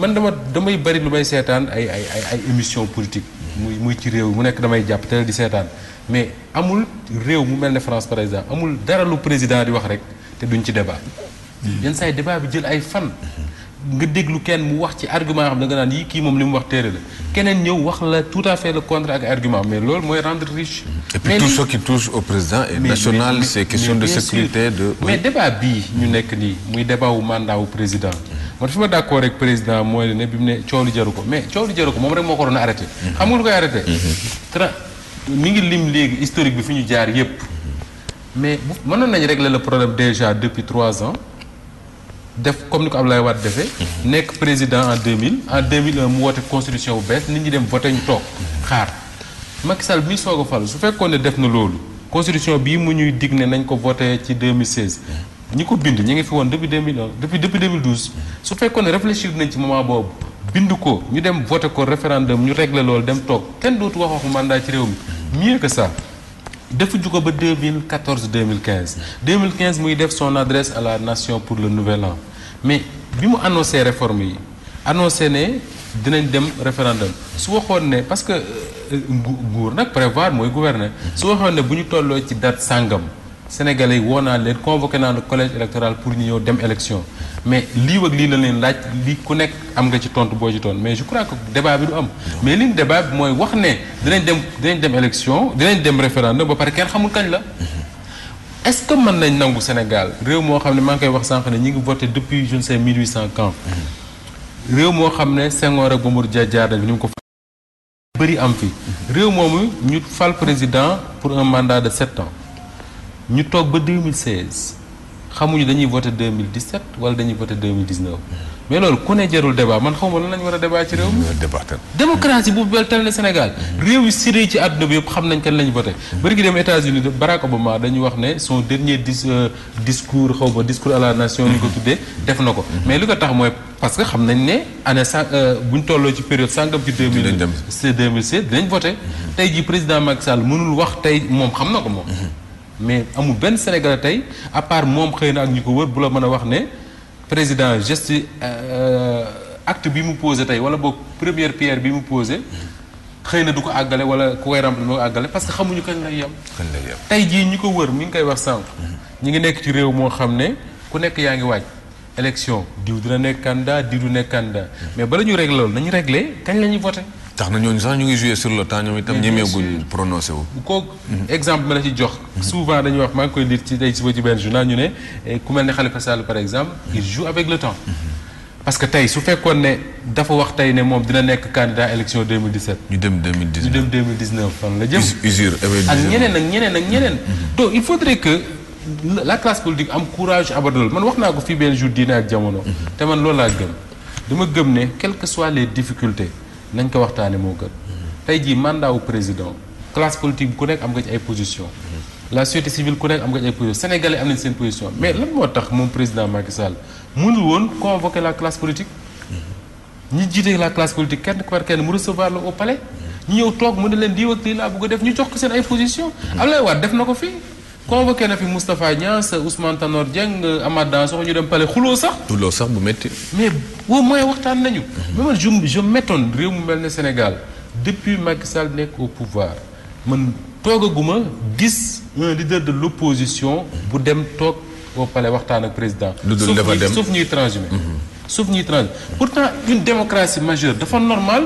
man dama damay bari lu may seetaan ay ay ay ay émission politique muy muy ci réew mu nekk damay jàpp teel di seetaan mais amul réew mu mel ne France par exemple amul dara lu président di wax rek te duñ ci débat hmm. yenn saa yi débat bi jël ay fan nga déglu kenn mu wax ci argument yoo xam da nga naan yi kii moom li mu wax téere la keneen ñëw wax la tout à fait le contre ak argument mais loolu mooy rendre riche. Hmm. et au président est national c'est question de sécurité de. mais débat bii ñu hmm. nekk nii muy débat wu mandat wu président man fi ma d'accord rek président mooy ne bi mu ne coow jaru ko mais coow li jaru ko moom rek moo ko doon arrêté. xam nga lu mi ngi lim léegi historique bi fi ñu jaar yépp mais mënoon nañ régler le problème déjà depuis trois ans def comme ni ko Abdoulaye Wade defee. nekk président en 2000 en 2001 mu woote constitution bu bees nit ñi dem voté ñu toog xaar Macky bi soog a fal su fekkoon ne def na loolu constitution bii mu ñuy dig ne nañ ko voté ci 2016. ñi ko bind ñu ngi fi woon depuis 2001 depuis depuis su fekkoon ne réfléchir nañ ci moment boobu. bind ko ñu dem voté ko référendum ñu réglé loolu dem toog kenn dootu wax waxu mandat ci réew mi mieux que ça defuñu ko ba 2014 2015 2015 muy def son adresse à la nation pour le nouvel an mais bi mu annoncé réforme yi annoncé ne dinañ dem référendum su waxoon ne parce que nguur euh, nag prévoir mooy gouverner su waxoon ne bu ñu tolloo ci date sàngam Sénégalais yi woo naa leen convoqué naa le collège électoral pour ñu ñëw dem élection mais lii wag lii la leen laaj lii ku nekk am nga ci tontu boo ci mais je crois que débat bi du am. mais li débat mooy wax ne dinañ dem dinañ dem élection dinañ dem référendum ba pare kenn xamul kañ la. est-ce que mën nañ nangu Sénégal réew moo xam ne maa ngi koy wax sànq ne ñu ngi voté depuis je ne sais 1800 quand. réew moo xam ne Senghor ak Mamadou Dia jaar bi ni mu ko. bëri am fi réew moomu ñu fal président pour un mandat de ñu toog ba 2016 xamuñu dañuy voté 2017 dañuy voté 2019 mais loolu ku ne jarul débat man xaw ma lan lañ war a débat ci réew mi. démocratie bu bel tel ne Sénégal. Mm-hmm. réew yi siré ci àdduna bi yëpp xam nañ kan lañ voté. Mm-hmm. bari gi dem États-Unis Barack Obama dañu wax ne son dernier dis euh, discours xaw ma discours à la nation. ni ko tuddee mm-hmm. def na ko. mais li ko tax mooy parce que xam nañ ne année sa euh, buñ tolloo ci période sangam ci. deux mille deux mille seize dinañ voté. tey jii président Macky Sall mënul wax tey moom xam na ko moom. mais amul benn Sénégalais tey à part moom xëy na ak ñu ko wër bula mën a wax ne président geste euh, acte bi mu posé tey wala boog première pierre bi mu posé xëy na du ko àggale wala ku koy remplir moo ko àggale parce que xamuñu kañ lay yem. kañ tey jii ñu ko wër mi ngi koy wax sànq. Mhm. ñu ngi nekk ci réew moo xam ne ku nekk yaa ngi waaj. élection diw dina nekk candidat diw du nekk candidat mhm. mais bala ñu réglé loolu nañu réglé kañ la ñuy voté. tax na ñooñu sax ñu ngi joué sur le temps ñoom itam ñemeeguñ prononcé wu. kooku exemple ma la ci jox. souvent dañuy wax maa ngi koy lire ci tey suba ci benn journal ñu ne eh, ku mel ne Khalifa Sall par exemple mhm. il joue avec le temps. Mhm. parce que tey su fekkoon ne dafa wax tey ne moom dina nekk candidat élection 2017. ñu dem 2019 ñu dem 2019 fan la jëm. usure ak ñeneen ak ñeneen ak ñeneen. Mhm. donc il faudrait que la classe politique am courage abadol man wax naa ko fii benn jour diine jamono. te man loolu laa gëm dama gëm ne quelles que soient les nañ ko waxtaane moo gën tey jii mandat président classe politique ku nekk am nga ci ay position la société civile ku nekk am nga ci ay position sénégalais am nañ seen position mais lan moo tax moom président Macky Sall mënul woon convoquer la classe politique ñi jiite la classe politique kenn mu recevoir la au palais ñu ñëw toog mu ne leen diw ak lii laa bëgg def ñu jox ko seen ay position Abdoulaye Wade def na ko fii convoqué na fi Moustapha Niass Ousmane Tanor Dieng Amath Dansokho ñu dem pale xuloo sax. xuloo sax bu métti. mais au moins waxtaan nañu. mais man je je réew mu mel ne Sénégal depuis Macky Sall nekk au pouvoir man toogaguma gis un leader de l'opposition bu dem toog au palais waxtaan ak président. lu dul dafa dem suuf ñuy transhumé. Mhm. suuf ñuy transhumé pourtant une démocratie majeure dafa normal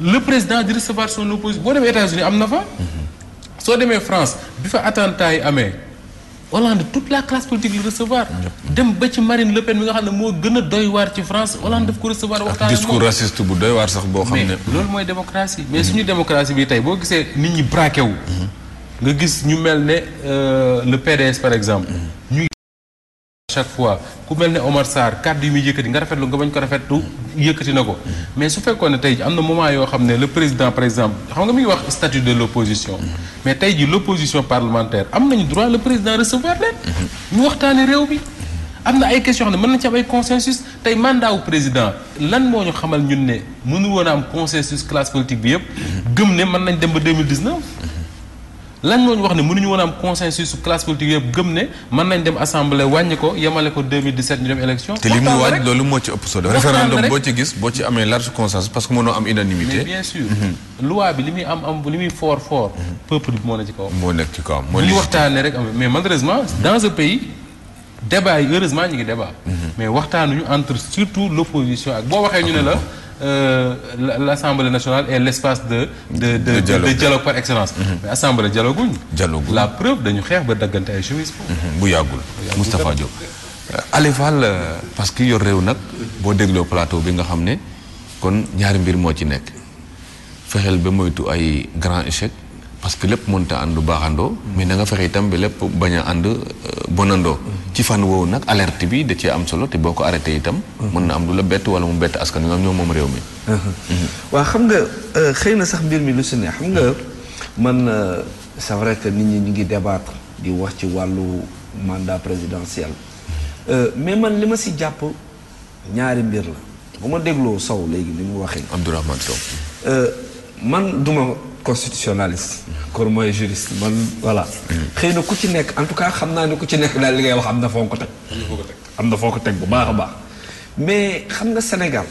le président di recevoir son opposition boo demee États-Unis am na fa. Mhm. soo demee France bi fa attentat yi amee Hollande tout la classe politique la recevoir. dem ba ci Marine Le Pen bi nga xam ne moo gën a doy ci France Hollande daf ko recevoir. waxtaan ak discours raciste bu doy waar sax boo. xam ne loolu mooy démocratie. mais suñu démocratie bi tey boo gisee nit ñi braqué wu. nga gis ñu mel ne euh, le PDS par exemple. Mm-hmm. chaque fois ku mel ne Omar Sarr kàddu yu muy yëkkati nga rafetlu nga bañ ko rafetlu yëkkati na ko mais su fekkoon ne tey ji am na moment yoo xam ne le président par exemple xam wax statut de l' opposition mais tey ji l' opposition am nañu droit le président recevoir leen ñu waxtaane réew bi am na ay question xam ne mën nañ ci am ay consensus tey mandat wu président lan moo ñu xamal ñun ne mënu woon am consensus classe politique bi yëpp gëm ne mën nañ dem ba 2019 lan moo ñu wax ne mënuñu woon am consensus su classe politique yëpp gëm ne mën nañ dem assemblée wàññi ko yemale ko 2017 ñu dem élection. te li mu waaj loolu moo ci ëpp solo. référendum boo ci gis boo ci amee large consensus parce que mënoo am unanimité mais mhm. bi li muy am am li muy fort fort. Mhm. peuple bi moo nekk ci kawam. moo nekk ci kawam moo li waxtaanee rek am mais malheureusement dans ce pays. débat yi heureusement ñu ngi débat. Mhm. mais waxtaanuñu entre surtout l' opposition ak boo waxee ñu ne la. euh, l'Assemblée nationale et l'espace de de de, de, dialogue. de dialogue par excellence. Mm -hmm. mais Assemblée dialoguñ. dialoguñ la preuve dañu xeex ba daggante ay chemise. Mhm. bu yàggul Moustapha Diop. Aliou euh, parce que yor réew nag boo dégloo palateau bi nga xam ne kon ñaari mbir moo ci nekk fexeel ba moytu ay grand échec parce que lépp mënut a ànd baaxandoo. mais na nga fexe itam bi lépp bañ a ànd euh, bonandoo. Mm-hmm. ci fan woowu nag alerte bi da cee am solo te boo ko arrêté itam. Mm-hmm. mën na am du la bett wala mu bett askan wi nga ñoo moom réew mi. Mm-hmm. waaw xam nga euh, xëy na sax mi lu si ne xam nga man euh, c'est vrai que nit ñi ñu ngi débattre di wax ci wàllu mandat présidentiel. mais man li ma si jàpp ñaari mbir la bu ma dégloo Sow léegi ni mu waxee. Abdourahmane Sow. man duma constitutionnaliste kon mooy juriste man voilà xëy na ku ci nekk en tout cas xam naa ne ku ci nekk daal li ngay wax am na foo ko teg am na foo ko teg bu baax a baax mais xam na Sénégal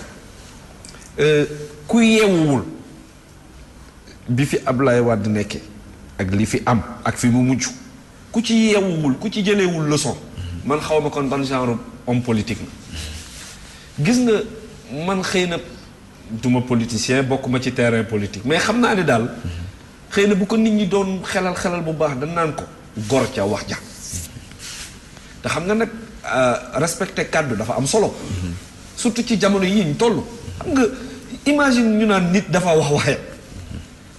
euh, ku yeewuwul bi fi Ablaye Wade nekkee ak li fi am ak fi mu mujj ku ci yeewuwul ku ci jëleewul leçon man xaw ma kon ban genre homme politique na gis nga man xëy na duma politicien bokkuma ci terrain politique mais xam naa ne daal xëy na bu ko nit ñi doon xelal xelal bu baax dañ naan ko gor ca wax ja te xam nga nag euh, respecter kàddu dafa am solo surtout ci jamono yii ñu toll xam nga imagine ñu naan nit dafa wax waxeet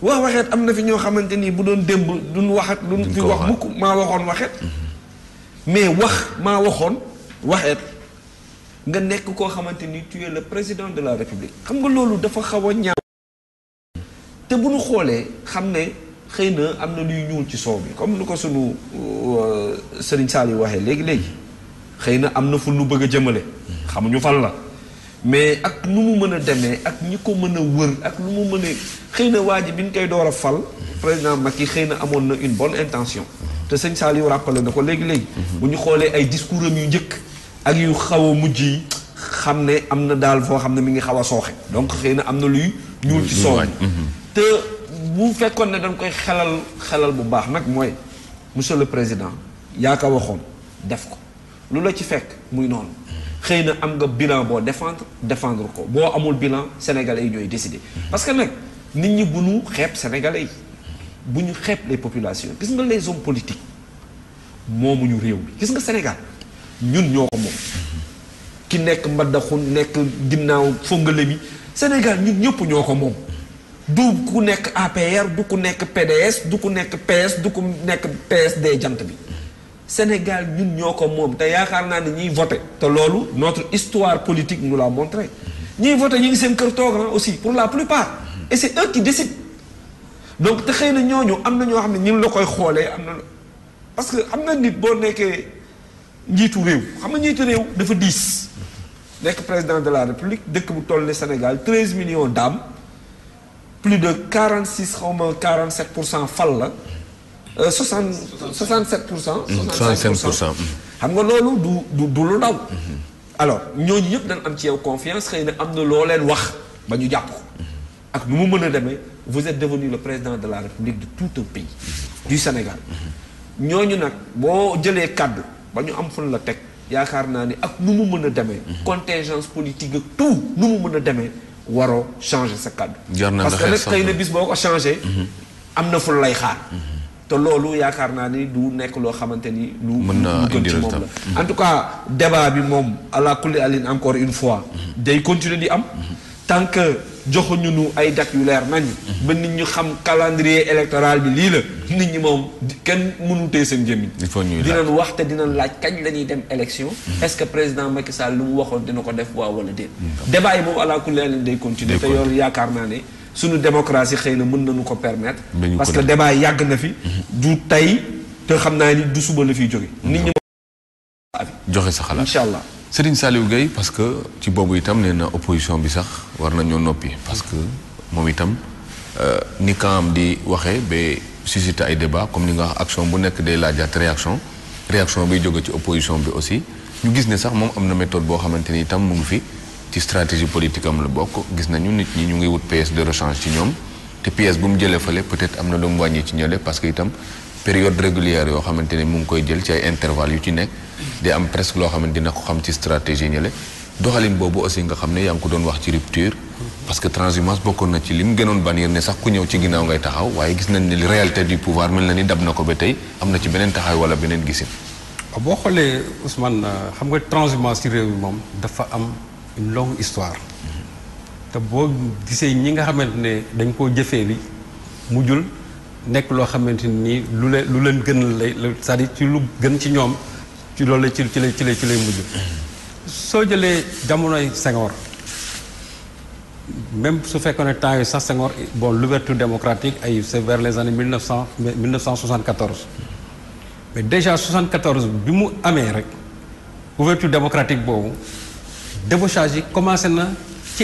wax waxeet am na fi ñoo xamante nii bu doon démb duñ waxat duñ fi wax mukk maa waxoon waxeet mais wax maa waxoon waxeet nga nekk koo xamante ni tu es président de la république xam nga loolu dafa xaw a ñaaw te bu nu xoolee xam ne xëy na am na luy ñuul ci soow bi comme nu ko sunu euh, Serigne Saliou waxee léegi léegi xëy na am na fu lu bëgg a jëmale xamuñu fan la mais ak nu mu mën a demee ak ñi ko mën a wër ak nu mu mën xëy na waa ji bi ñu koy door a fal président Macky xëy na amoon na une bonne intention te sëñ Saliou rappelé na ko léegi léegi mm-hmm. bu ñu xoolee ay discours am yu njëkk ak yu xaw a mujj yi xam ne am na daal foo xam ne mi ngi xaw a sooxe donc xëy na am na luy ñuul ci soow mhm. te bu fekkoon ne dañ koy xelal xelal bu baax nag mooy monsieur le président yaa ko waxoon def ko lu la ci fekk muy noonu xëy na am nga bilan boo defendre défendre ko boo amul bilan sénégalais yi ñooy décider mhm. parce que nag nit ñi bu ñu xeeb sénégalais yi bu ñu xeeb les populations gis nga les hommes politiques moomuñu réew mi gis nga Sénégal ñun ñoo ko moom ki nekk mbaddaxun nekk ginnaaw fongale mi Sénégal ñun ñëpp ñoo ko moom du ku nekk APR du ku nekk PDS du ku nekk PS du ku nekk ps de jant bi Sénégal ñun ñoo ko moom te yaakaar naa ne ñuy voté te loolu notre histoire politique nous l'a montré ñuy voté ñu ngi seen kër toog ah aussi pour la plupart et c'est eux qui décident donc te xëy na ñooñu am na ñoo xam ne ñu la koy xoolee am na parce que am na nit boo nekkee njiitu réew xam nga njiitu réew dafa diis nekk président de la république dëkk bu toll ne Sénégal treize millions d'âmes plus de quarante six xaw ma quarante sept pour cent fal la euh, soixante soixante sept pour cent. Mm-hmm. soixante cinq pour cent xam nga loolu du du du lu ndaw. Mm-hmm. alors ñooñu yëpp dañ am ci yow confiance xëy na am na loo leen wax ba ñu jàpp ko mm-hmm. ak nu mu mën a demee vous êtes devenu le président de la république de tout un pays du Sénégal ñu nag boo jëlee kàddu. ba ñu am fun la teg yaakaar naa ni ak nu mu mën a demee mhm. contingence politique ak tout nu mu mën a demee waroo changer sa kàddu parce que nag xëy na bis boo ko changé mhm. am na ful lay xaar mhm. te loolu yaakaar naa ni du nekk loo xamante ni lu gën ci moom la en tout cas débat bi moom ala kulli alin encore une fois day continuer di am tant que joxuñu nu ay date yu leer nañ mhm. ba nit ñu xam calendrier électoral bi lii la mhm. nit ñi moom kenn munu tee seen jëmmiñ dinañ wax te dinañ laaj kañ la ñuy dem élection mhm. est-ce que président Macky Sall lu mu waxoon dina ko def waaw wala déet débat yi moom alaakulli leen day continuer te yoolu yaakaar naa ne suñu démocratie xëy na mën nañu ko permettre parce que débat yàgg na fi du tey te xam naa ni du suba la fiy jóge nit ñi joxe sa xalaat allah Serigne Saliou Gueye parce que ci boobu itam nee na opposition bi sax war nañoo noppi parce que moom itam euh, ni kaam di waxee ba susciter ay débat comme ni nga wax action bu nekk day laajaat réaction réaction biy jóge ci opposition bi aussi ñu gis ne sax moom am na méthode boo xamante ni itam mu ngi fi ci stratégie politique am la bokk gis nañu nit ñi ñu ngi wut pièce de rechange ci ñoom te pièce bu mu jëlee fale peut-être am na lu mu wàññi ci ñële parce que itam période régulière yoo xamante ne mu ngi koy jël ci ay intervalle yu ci nekk di am presque loo xamante dina ko xam ci stratégie ñële doxalin boobu aussi nga xam ne yaa ngi ko doon wax ci rupture parce que transhumance bokkoon na ci li mu gënoon bannir ne sax ku ñëw ci ginnaaw ngay taxaw waaye gis nañ ne réalité du pouvoir mel na ni dab na ko ba tey am na ci beneen taxaw wala beneen gisin ah, boo xoolee Ousmane xam nga transhumance ci réew mi moom dafa am une longue mhm. te boo gisee ñi nga xamante ne dañ koo jëfee li mujjul nekk loo xamante ni lu leen lu leen gën lay c'est-à-dire ci lu gën ci ñoom ci loolu la ci ci lay ci lay ci lay mujj. soo jëlee jamonoy Senghor même su fekkoon ne temps yi sax Senghor bon l'ouverture démocratique ay c'est vers les années mille neuf cent mille neuf cent soixante-quatorze mais déjà soixante-quatorze bi mu amee rek ouverture démocratique boobu débauchage yi commencé na.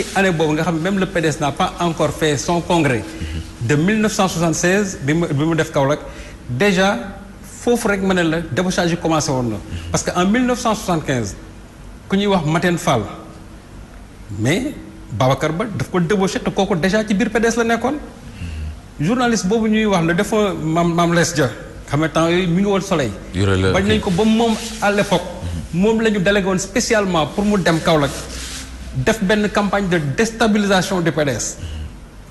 ci boobu nga xam ne même le PDS n'a pas encore fait son congrès de 1976 bi mu bi mu def Kaolack déjà foofu rek ma ne la débauchage yi commencé woon na parce que en 1975 ku ñuy wax Mateen Fall mais Babacar Ba daf ko débauché te kooku déjà ci biir PDS la nekkoon journaliste boobu ñuy wax la dafa mam Mame Less Dia xam nga temps yooyu mi ngi woon soleil bañ nañ ko ba moom à l'époque moom la ñu délégué woon spécialement pour mu dem Kaolack def benn campagne de déstabilisation de PDS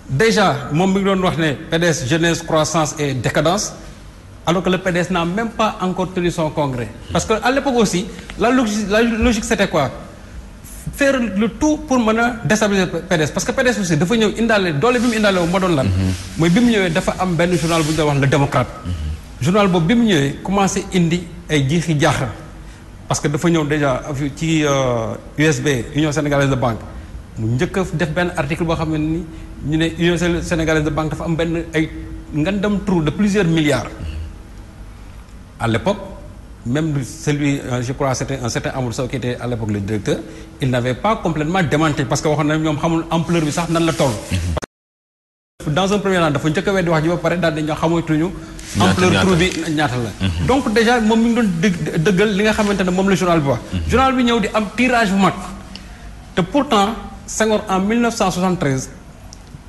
déjà moom mi ngi doon wax ne PDS jeunesse croissance et décadence alors que le PDS naa même pas encore tenu son congrès parce que à l'époque aussi la logique la logique c'était quoi faire le tout pour mën a déstabiliser PDS parce que PDS aussi dafa ñëw indaale doole bi mu indaale moo doon lan mm-hmm. mooy bi mu ñëwee dafa am benn journal bu ñu doon wax le démocrate mm-hmm. boobu bi mu ñëwee commencé indi ay jiixi jaaxa parce que dafa ñëw déjà ci USB euh, Union Sénégalaise de Banque mu njëkk def benn article boo xam ne ni ñu ne Union Sénégalaise de Banque dafa am benn ay ngandam trou de plusieurs milliards à l'époque même celui euh, je crois c'était un certain Amadou Sow qui était à l'époque le directeur il n'avait pas complètement démenti parce que waxoon na ñoom xamul ampleur bi sax nan la toll mm-hmm. dans un premier temps dafa njëkk a weddi wax ji ba pare daal dañoo xamatuñu ampleur trou bi la mhm. donc déjà moom mi ngi doon dëgg dëggal li nga xamante ne moom la journal bi wax mhm. journal bi ñëw di am tirage bu mag te pourtant Senghor en 1973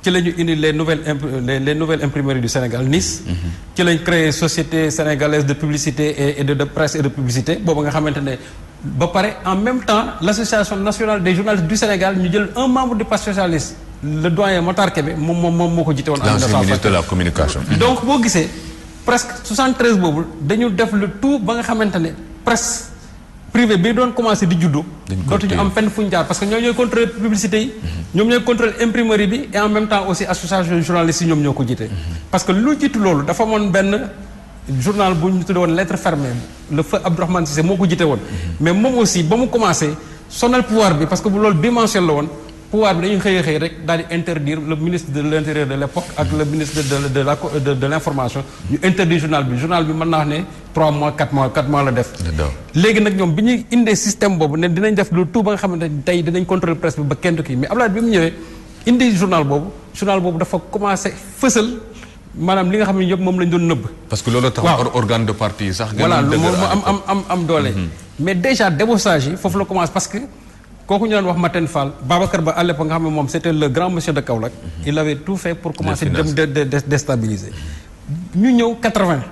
ci la ñu indi les nouvelles les nouvelles imprimeries du Sénégal Nice mhm. ci lañ créé société sénégalaise de publicité et de presse et de publicité boobu nga xamante ne ba pare en même temps l'association nationale des journalistes du Sénégal ñu jël un membre du parti socialiste le doyen Matar Kébé moom moom moom moo ko jiite woon la communication presque 73 boobu dañu def le tout ba nga xamante ne presse privé bi doon commencé di juddu. dootuñu am fenn fu ñu parce que ñoo ñooy contrôler publicité yi. Mhm. ñoom ñooy contrôler imprimerie bi et en même temps aussi association journaliste yi ñoom ñoo ko jiite. Mhm. parce que lu jiitu loolu dafa amoon benn journal bu ñu tuddee woon lettre fermée le feu Abdourahmane Cissé moo ko jitee woon. Mhm. mais moom aussi ba mu commencé sonal pouvoir bi parce que bu loolu bimensuel la pouvoir bi dañuy xëy xëy rek daal di interdire le ministre de l' intérieur de l' époque ak le ministre de de la de de l' information ñu interdire journal bi journal bi mën naa wax ne 3 mois 4 mois 4 mois la def. léegi nag ñoom bi ñuy indee système boobu ne dinañ def lu tout ba nga xamante ne tey dinañ contrôler presse bi ba kenn du mais Abdoulaye bi mu ñëwee indi journal boobu journal boobu dafa commencé fësal. maanaam li nga xam ne yëpp moom lañ doon nëbb. que loolu tax organe a mhm. que. kooku ñu daan wax Maten Fall Babacar Ba à l'époque nga xam ne moom c'était le grand monsieur de Kaolack mhm. il avait tout fait pour commencer dem déstabiliser ñu ñëw 80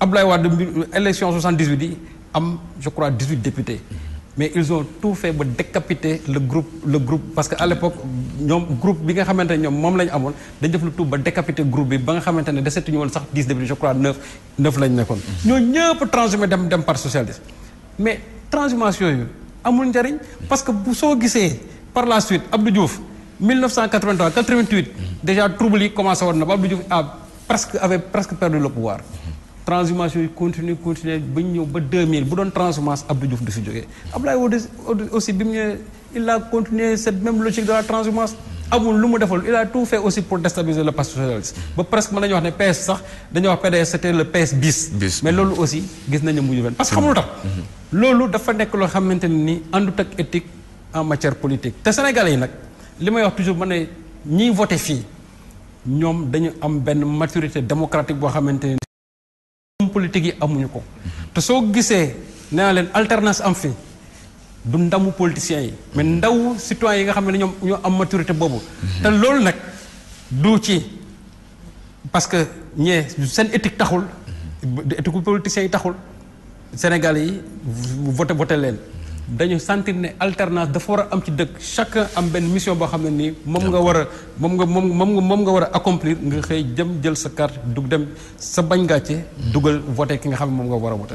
Abdoulaye Wade élection 78 yi am je crois 18 député mhm. mais ils ont tout fait ba décapiter le groupe le group parce que à l'époque ñoom groupe bi nga xamante ne ñoom moom la ñu amoon dañ def lu tout ba décapiter group bi ba nga xamante ne desetuñu woon sax 10 députés je crois 9 9 la ñu nekkoon mhm. ñoo ñëpp transhumé dem dem parti socialiste mais transhumation yooyu amul njariñ parce que bu soo gisee par la suite Abdou Diouf 1983 88 déjà trouble yi commencé woon na ba Abdou Diouf a presque avait presque perdu le pouvoir transhumance yooyu continue continue ba ñëw ba 2000 bu doon transhumance Abdou Diouf du fi jógee Abdoulaye Wade aussi bi mu ñëwee il a continué cette même logique de la transhumance amul lu mu deful il a tout aussi pour déstabiliser le parti socialiste ba presque mën nañu wax ne PS sax dañoo wax PDS c'était le PS bis mais mhm. loolu aussi gis nañu mujj benn parce que xamul tax mhm. loolu dafa nekk loo xamante ne ni àndut ak éthique en matière politique te sénégalais yi nag li may wax toujours ma ne ñiy voté fii ñoom dañu am benn maturité démocratique boo xamante ne politique yi amuñu ko mhm. te soo gisee nee leen alternance am fii du ndamu politiciens yi mais ndaw citoyens yi nga xam ne ñoom ñoo am maturité boobu te loolu nag du ci parce que ñee seen éthique taxul éthique politiciens yi taxul Sénégalais yi voté voté leen dañu sentir ne alternance dafa war a am ci dëkk chacun am benn mission boo xam ne nii moom nga war a moom nga moom nga moom nga war a accomplir nga xëy jëm jël sa carte dug dem sa bañ gàcce dugal voté ki nga xam ne moom nga war a voté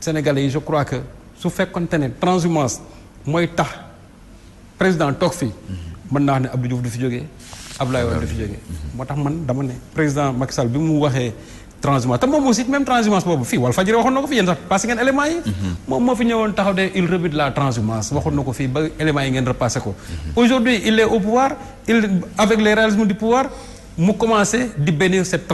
Sénégalais yi je crois que su fekkonte ne transhumance mooy tax président toog fii mën naa wax ne Abdou Diouf du fi jógee Abdoulaye Wade du fi jógee moo tax man dama ne président Macky bi mu waxee transhumance te moom aussi même transhumance boobu fii wala fajiri waxoon na ko fi yéen sax passé ngeen éléments yi moom moo fi ñëwoon taxaw de il rebute la transhumance waxoon na ko fii ba éléments yi ngeen repassé ko aujourd'hui il est au pouvoir il avec les réalismes du pouvoir mu commencé di bénir cette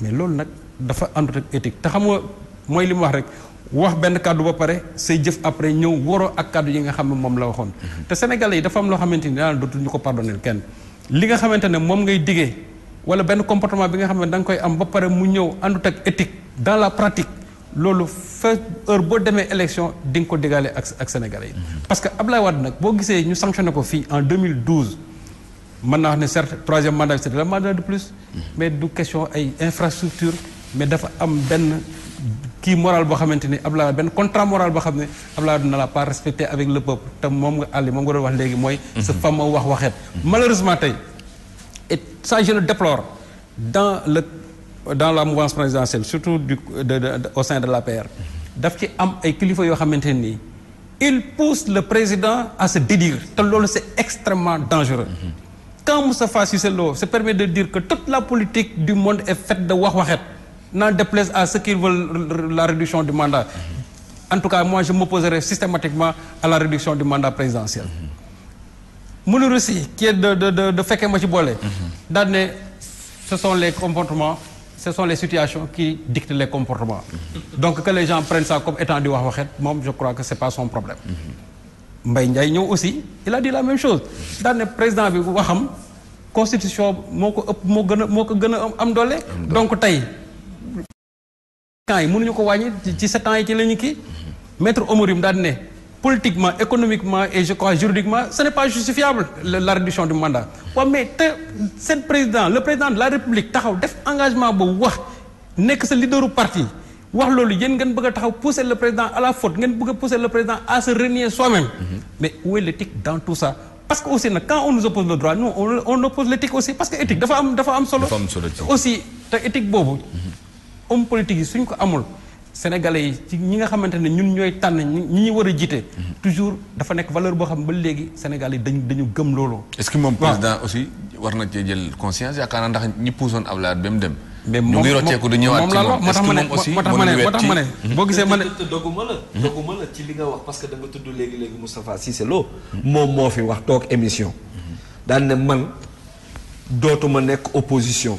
mais loolu nag dafa àndut ak te xam nga mooy li mu wax rek wax benn kàddu ba pare say jëf après ñëw waroo ak kàddu yi nga xam ne moom la waxoon. Mhm. te sénégalais yi dafa am loo xamante ni daanaka dootuñu ko pardonner kenn. li nga xamante ne moom ngay diggee wala benn comportement bi nga xam ne da nga koy am ba pare mu ñëw àndut ak éthique. dans la pratique loolu fa heure boo demee élection di nga ko diggaale ak ak sénégalais yi. Mhm. parce que Ablaye Wade nag boo gisee ñu sanctionné ko fii en 2012. mën naa wax ne certes troisième mandat bi c'est le mandat de plus. Mhm. mais du question ay infrastructure mais dafa am benn. kii moral boo xamante ni la benn contrat moral boo xam ne Abdoulaye Wade ne l'a pas respecté avec le peuple te moom nga àlli moom nga doon wax léegi mooy sa fam wax waxeet malheureusement tey et ça le déplore dans le dans la mouvance présidentielle surtout du de, de, de, au sein de l'APR daf ci am ay kilifa yoo xamante nii il pousse le président à se dédire te loolu c'est extrêmement dangereux quand Moustapha Cissé Lo se permet de dire que toute la politique du monde est faite wax waxeet n'en déplaise à ceux qui veulent la réduction du mandat. En tout cas, moi, je m'opposerai systématiquement à la réduction du mandat présidentiel. Moulou Russi, qui est de, de, de, de Feke Machibole, d'année, ce sont les comportements, ce sont les situations qui dictent les comportements. Donc, que les gens prennent ça comme étant du Wahwahet, moi, je crois que ce n'est pas son problème. Mbaye Ndiaye ñëw aussi il a dit la même chose daan ne président bi waxam constitution moo ko ëpp moo gën a moo ko gën a am doole donc tey ans yi mënuñu ko wàññi ci sept ans yi ci la ñu kii maître Omorim daal ne politiquement économiquement et je crois juridiquement ce n'est pas justifiable la réduction du mandat waaw mais te seen président le président de la république taxaw def engagement boobu wax nekk sa leaderu parti wax loolu yéen ngeen bëgg a taxaw pousser le président à faute ngeen bëgg a pousser le président à se renier soi-même mm-hmm. mais où est l'éthique dans tout ça parce que aussi nag quand on nous oppose le droit que éthique dafa am dafa am solo aussi te éthique boobu mm-hmm. homme politique yi suñ ko amul sénégalais yi ñi nga xamante ne ñun ñooy tànn ñi ñu war a jiite. Mhm. toujours dafa nekk valeur boo xam ne ba léegi sénégalais yi dañu dañu gëm loolu. est-ce que moom président aussi war na cee jël conscience yaakaar ndax ñi puusoon Ablaye ba mu dem. mais moom moom moom la loo moo ma ne moo tax ma ne moo tax ma ne boo gisee ma ne. doguma la hmm? doguma la ci li nga wax parce que da nga tudd léegi léegi Moustapha Cissé Lo. moo fi wax toog émission. Hmm. daan ne man dootuma nekk opposition.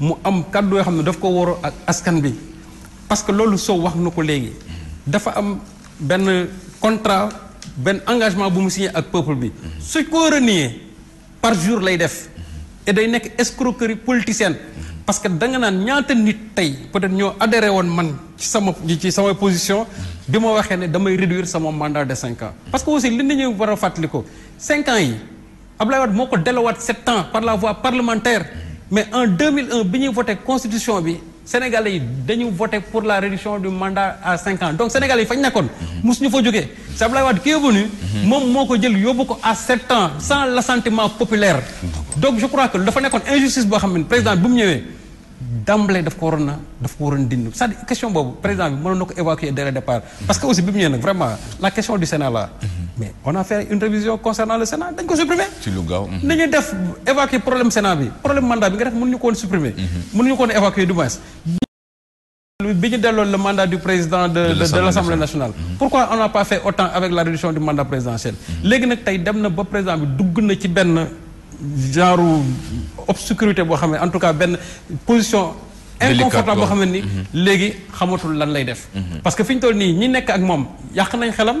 mu am kàddu yoo xam ne daf ko waroo ak askan bi parce que loolu Sow wax na ko léegi dafa am benn contrat benn engagement bu mu signé ak peuple bi su ko renier par jour lay def te day nekk escroquerie politicienne parce que da nga naan ñaata nit tey peut-être ñoo adhéré woon man ci sama ci sama position bi ma waxee ne damay réduire sama mandat de cinq ans parce que aussi li nit ñi war a fàttali ko cinq ans yi Abdoulaye Wade moo ko delluwaat sept ans par la voie parlementaire mais en 2001 bi ñuy voté constitution bi sénégalais yi dañu voté pour la réduction du mandat à cinq ans donc sénégalais yi fañ nekkoon. mosu ñu fa jógee. c' est Abdoulaye Wade qui est moom moo ko jël yóbbu ko à sept ans sans la assentiment populaire. donc je crois que dafa nekkoon injustice boo xam ne président bi mu ñëwee. d'emblée daf ko waroon a daf ko waroon dindi c'est-à-dire question boobu président bi mënoon na ko évacuer dès le départ. Mhm. parce que aussi bi mu ñëwee nag vraiment la question du Sénat là. Mhm. mais on a fait une révision concernant le Sénat dañ ko supprimer. ci lu gaaw. Mhm. nañu def évacuer problème Sénat bi problème mandat bi nga def mënuñu ko woon supprimer. mënuñu ko woon évacuer du moins. bi ñu delloo le mandat du président de de, l'Assemblée nationale pourquoi on n'a genre obscurité boo xam ne en tout cas benn position inconfortable boo xam ne ni mhm. léegi xamatul lan lay def mhm. parce que fi ñu toll nii ñi nekk ak moom yàq nañ xelam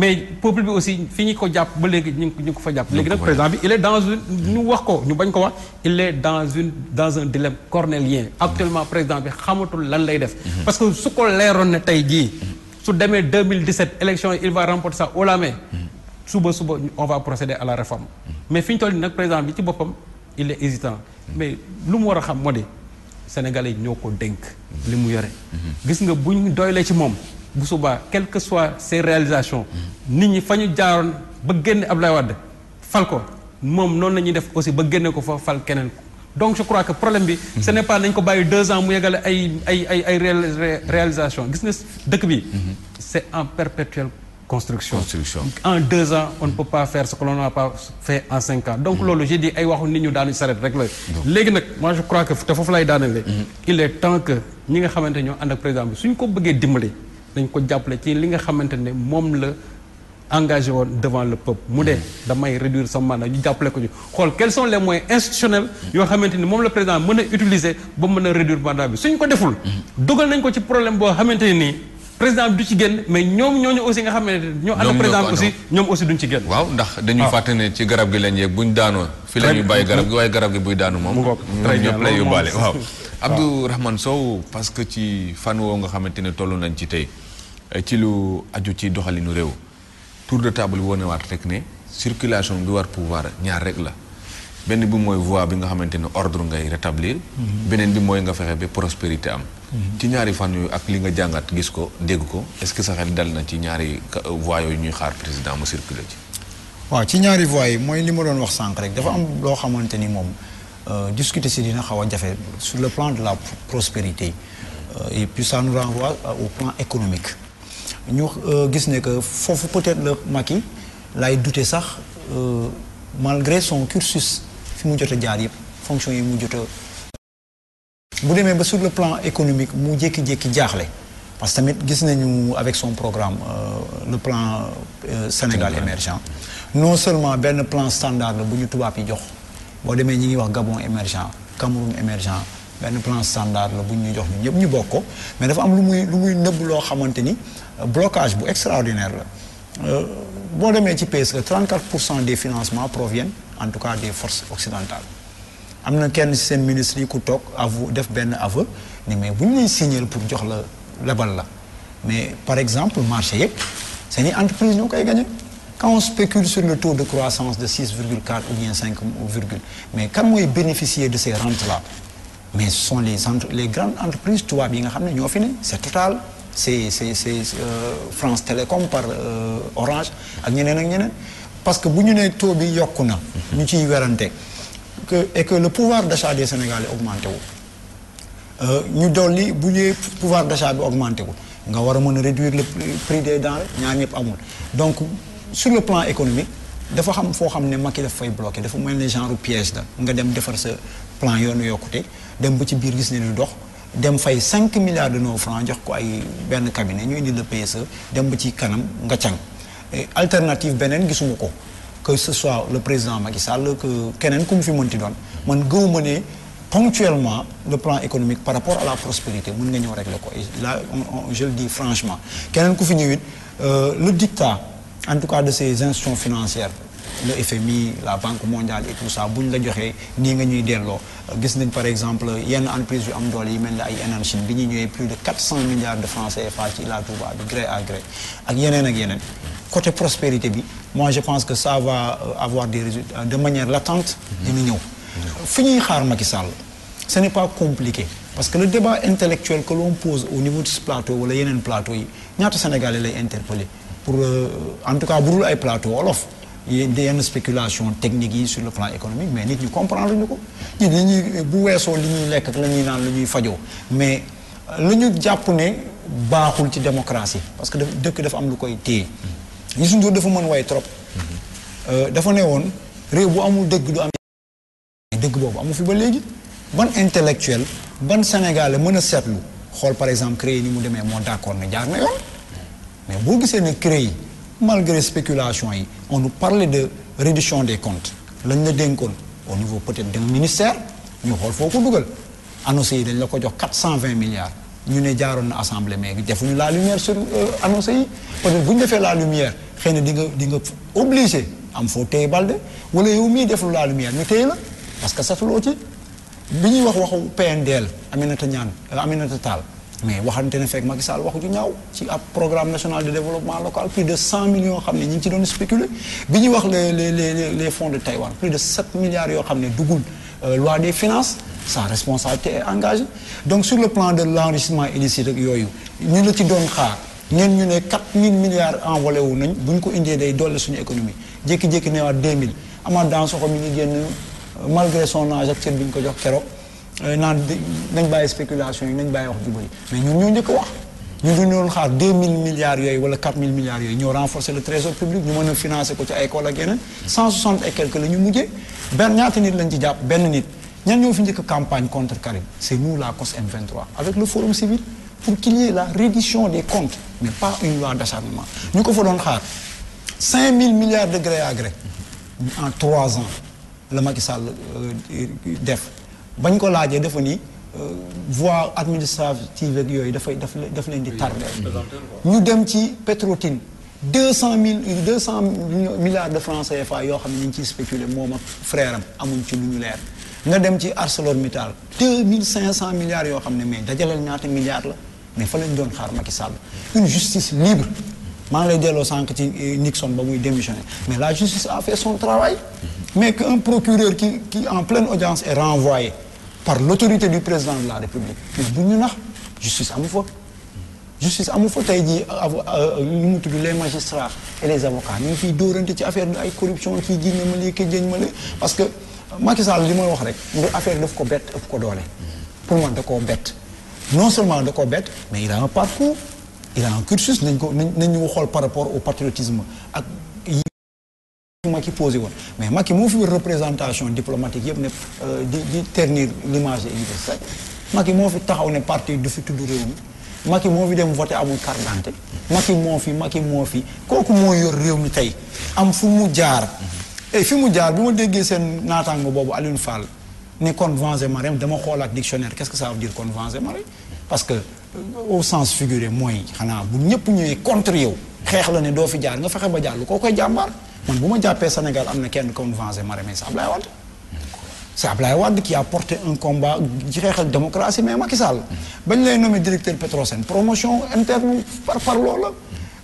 mais peuple bi aussi fi ñu ko jàpp ba léegi ñu ngi ko fa jàpp léegi nag président bi il est dans une ñu wax ko ñu bañ ko wax il est dans une dans un dilemme cornélien actuellement président bi xamatul lan lay def mhm. parce que su ko leeroon ne tey jii su demee 2017 élection il va remporter ça haut la main suba suba on va procéder à la réforme mais fi ñu toll nii nag président bi ci boppam il est hésitant mais lu mu war a xam moo di sénégalais ñoo ko dénk li mu yore gis nga bu ñu doyle ci moom bu subaa quel que soit ses réalisation nit ñi fa ñu jaaroon ba génne Abdoulaye Wade fal ko moom noonu la ñuy def aussi ba génne ko fa fal keneen donc je crois que problème bi ce n'est pas nañ ko bàyyi deux ans mu yegale ay ay ay ay réalisation gis nga dëkk bi c'est en perpétuel construction. construction en deux ans on ne peut pas faire ce que l'on n'a pas fait en cinq ans. donc mm. loolu j'ai ay waxu nit ñu daanu saret rek la. léegi nag moi je crois que te foofu lay daanalee. Mm-hmm. il est temps que ñi nga xamante ñoo ànd ak président bi suñ ko bëggee dimbali dañ ko jàppale ci li nga xamante ne moom la. engagé woon devant le peuple mu dee mm-hmm. damay réduire sa mandat ñu jàppale ko ñu xool quels les moyens institutionnels yoo xamante ni moom la président mën a utiliser ba mën a réduire mandat bi suñ ko mm-hmm. ko ci président bi du ci génn mais ñoom ñooñu aussi nga xam ne ñoo ànd président bi aussi ñoom aussi duñ ci génn waaw ndax dañuy ah. fàtte ne ci garab gi lañ yeeg buñ daanoo fi la ñuy bàyyi garab gi waaye garab gi buy daanu moom ñoom ñëpp lay yóbbaale waaw Abdou Rahman Sow parce que ci fan woo nga xamante ne toll nañ ci tey ci lu aju ci doxalinu réew tour de table woonewaat rek ne circulation bi war pouvoir ñaar rek la benn bi mooy voie bi nga xamante ne ordre ngay rétablir. Mhm. beneen bi mooy nga fexe bi prospérité am. Mhm. ci ñaari fan yooyu ak li nga jàngat gis ko dégg ko est-ce que sa xel dal na ci ñaari euh, voies yooyu ñuy xaar président mu circulé ci. waaw ci ñaari voies yi mooy li ma doon wax sànq rek dafa am loo xamante ni moom euh, discuter si dina xaw a jafe sur le plan de la prospérité euh, et puis ça nous renvoie au plan économique. ñu gis ne que foofu peut-être la Macky lay douter sax malgré son cursus. fi mu jot a jaar yëpp fonction yi mu jot a bu demee ba sur le plan économique mu jékki-jékki jaaxle parce que tamit gis nañu avec son programme euh, le plan euh, Sénégal émergent non seulement benn plan standard bu ñu tubaab yi jox boo demee ñi ngi wax Gabon émergent Cameroun émergent benn plan standard la bu ñu jox ñun ñëpp ñu bokk ko mais dafa am lu muy lu muy nëbb loo xamante ni euh, blocage bu extraordinaire la boo demee ci PSE 34 pour cent des financements proviennent en tout cas des forces occidentales am na kenn ci seen ministre yi ku toog aveu def benn aveu ne mais bu ñu lay signer pour jox la lebal la mais par exemple marché yëpp seeni entreprise ñoo koy gagné quand on spécule sur le taux de croissance de 6,4 ou bien 5 mais kan mooy bénéficier de ces rentes là mais son les entre les grandes entreprises tubaab yi nga xam ne ñoo fi ne c'est Total se c'est c'est euh, France Télécom par euh, Orange ak ñeneen ak ñeneen parce que bu ñu nee taux bi yokku na. ñu ci werante que et que le pouvoir d'achat des Sénégalais augmenté wu. Euh, ñu dolli bu ñëwee pouvoir d'achat bi augmenté wu nga war a mën a réduire le prix des denrées ñaar ñëpp amul donc sur le plan économique dafa xam foo xam ne Macky daf fay dafa mel ne genre piège la nga dem defar sa plan yoonu yokkute dem ba ci biir gis ne du dox. dem fay cinq milliards de nos francs jox ko ay benn cabinet ñu indi le PSE dem ba ci kanam nga càng alternative beneen gisuma ko que ce soit le président Macky Sall que keneen ku mu fi mënti doon man gëwuma ne ponctuellement le plan économique par rapport à la prospérité mën nga ñëw régler ko là on, on, je le dis franchement keneen ku fi ñëwit euh, le dictat en tout cas de ces institutions financières le FMI la Banque mondiale et tout ça bu ñu la joxee nii nga ñuy delloo gis nañ par exemple yenn entreprise yu am doole yi mel ne ay Enel bi ñu ñëwee plus de 400 milliards de francs CFA ci Ila Touba bi gré à gré ak yeneen ak yeneen côté prospérité bi moi je pense que ça va euh, avoir des résultats euh, de manière latente mu mhm. ñëw mhm. fi ñuy xaar Macky Sall ce n'est pas compliqué parce que le débat intellectuel que l'on pose au niveau de ce plateau wala yeneen plateau yi ñaata Sénégalais lay interpeller pour euh, en tout cas budul ay plateau wolof yenn spéculation technique yi sur le plan économique mais nit ñu comprendre ñu ko ñi li ñuy bu weesoo li ñuy lekk ak la ñuy naan la ñuy fajoo mais la ñu jàpp ne baaxul ci démocratie parce que dëkk dafa am lu koy téye Youssou Ndour dafa mën way trop. Euh, dafa ne woon réew bu amul dëgg du am dëgg boobu amu fi ba léegi ban intellectuel ban Sénégalais mën a seetlu xool par exemple CREI ni mu demee moo d'accord na jaar na yoon mais boo gisee ne CREI malgré spéculation yi on nous parlait de réduction des comptes lañ la dénkoon au niveau peut-être d'un ministère ñu xool foo ko dugal annoncé yi dañ la ko jox quatre cent vingt milliards ñu ne jaaroon na assemblée mais defuñu la lumière sur euh, annonce yi peut-être bu ñu defee la lumière xëy na di nga di nga obligé am foo téye balde wala yow mii deful la lumière ñu téye la parce que satuloo ci bi ñuy wax waxu PNDL Aminata Ñaan euh, Aminata Tall mais waxante ne fekk Macky Sall waxu ju ñaaw ci ab programme national de développement local plus de cent millions yoo xam ne ñi ngi ci doon spéculer bi ñuy wax les les les les fonds de Taïwan plus de yoo xam ne duggul euh, loi des sa responsabilité est engagée donc sur le plan de l'enrichissement illicite ak yooyu ñu la ci doon xaar ñeen ñu ne 4000 milliards envolé wu nañ bu ñu ko indee day dolli suñu économie jékki-jékki neewaat 2000 amaat dans soxo mi ngi génn malgré son âge ak cër bi ñu ko jox keroog euh, naan nañ bàyyi spéculation yi nañ bàyyi wax ju bëri mais ñun ñoo njëkk wax ñu du doon xaar 2000 milliards yooyu wala milliards yooyu ñoo renforcer le trésor public ñu mën a financer ko lañ ci jàpp benn nit ñan ñoo fi njëkk campagne contre Karim c'est nous la COS M23 avec le forum civil pour qu'il y ait la reddition des comptes mais pas une loi d'acharnement ñu ko fa doon xaar 5000 milliards de gré à en trois ans la Macky Sall euh, def bañ ko laajee dafa ni euh, voie administrative ak yooyu dafay daf daf leen di tardé ñu dem ci Petrotin deux cent mille deux cent milliards de francs CFA yoo xam ne ñu ngi ciy spéculer moom ak frère am amuñ ci lu ñu leer nga dem ci ArcelorMittal deux mille cinq cent milliards yoo xam ne mais dajaleel ñaata milliards la mais fa lañ doon xaar Macky Sall une justice libre maa ngi lay delloo sànq ci euh, Nixon ba muy démissionné la justice a fait son travail mais qu'un procureur qui qui en pleine audience est renvoyé par l'autorité du président de la République mais bu ñu nax justice amu fa justice amu fa tey jii euh, lu mu tudd les magistrats et les avocats ñu fiy dóorante ci affaire de ay corruption kii jiñ na ma lii kii jëñ ma lii parce que Macky Sall li may wax rek du affaire daf ko bett ëpp ko doole. pour man da koo bett non seulement da koo bett mais il a un parcours il cursus nañ ko nañ nañ ñu xool par rapport au patriotisme ak yi Macky posé woon mais Macky moo fi représentation diplomatique yëpp ne euh, di di ternir l'image de Idriss Seck moo fi taxaw ne partie du fi tudd réew mi Macky moo fi dem voté amul carte d'identité Macky moo fi Macky moo fi kooku moo yor réew mi tey am fu mu jaar. et eh, fi mu jaar bi ma déggee seen naataango boobu Alioune Fall ni kon vengé Marème dama xoolaat dictionnaire qu'est-ce que ça kon vengé Marème parce que euh, au sens figuré mooy xanaa bu ñëpp ñëwee contre yow xeex la ne doo fi jaar nga fexe ba jaar koo koy jàmbaar man bu ma jàppee Sénégal am na kenn kon vengé Marème c'est Ablaye Wade c'est Ablaye Wade qui a porté un combat ci xeex ak démocratie mais Macky Sall bañ lay nommé directeur Petrosen promotion interne par par loolu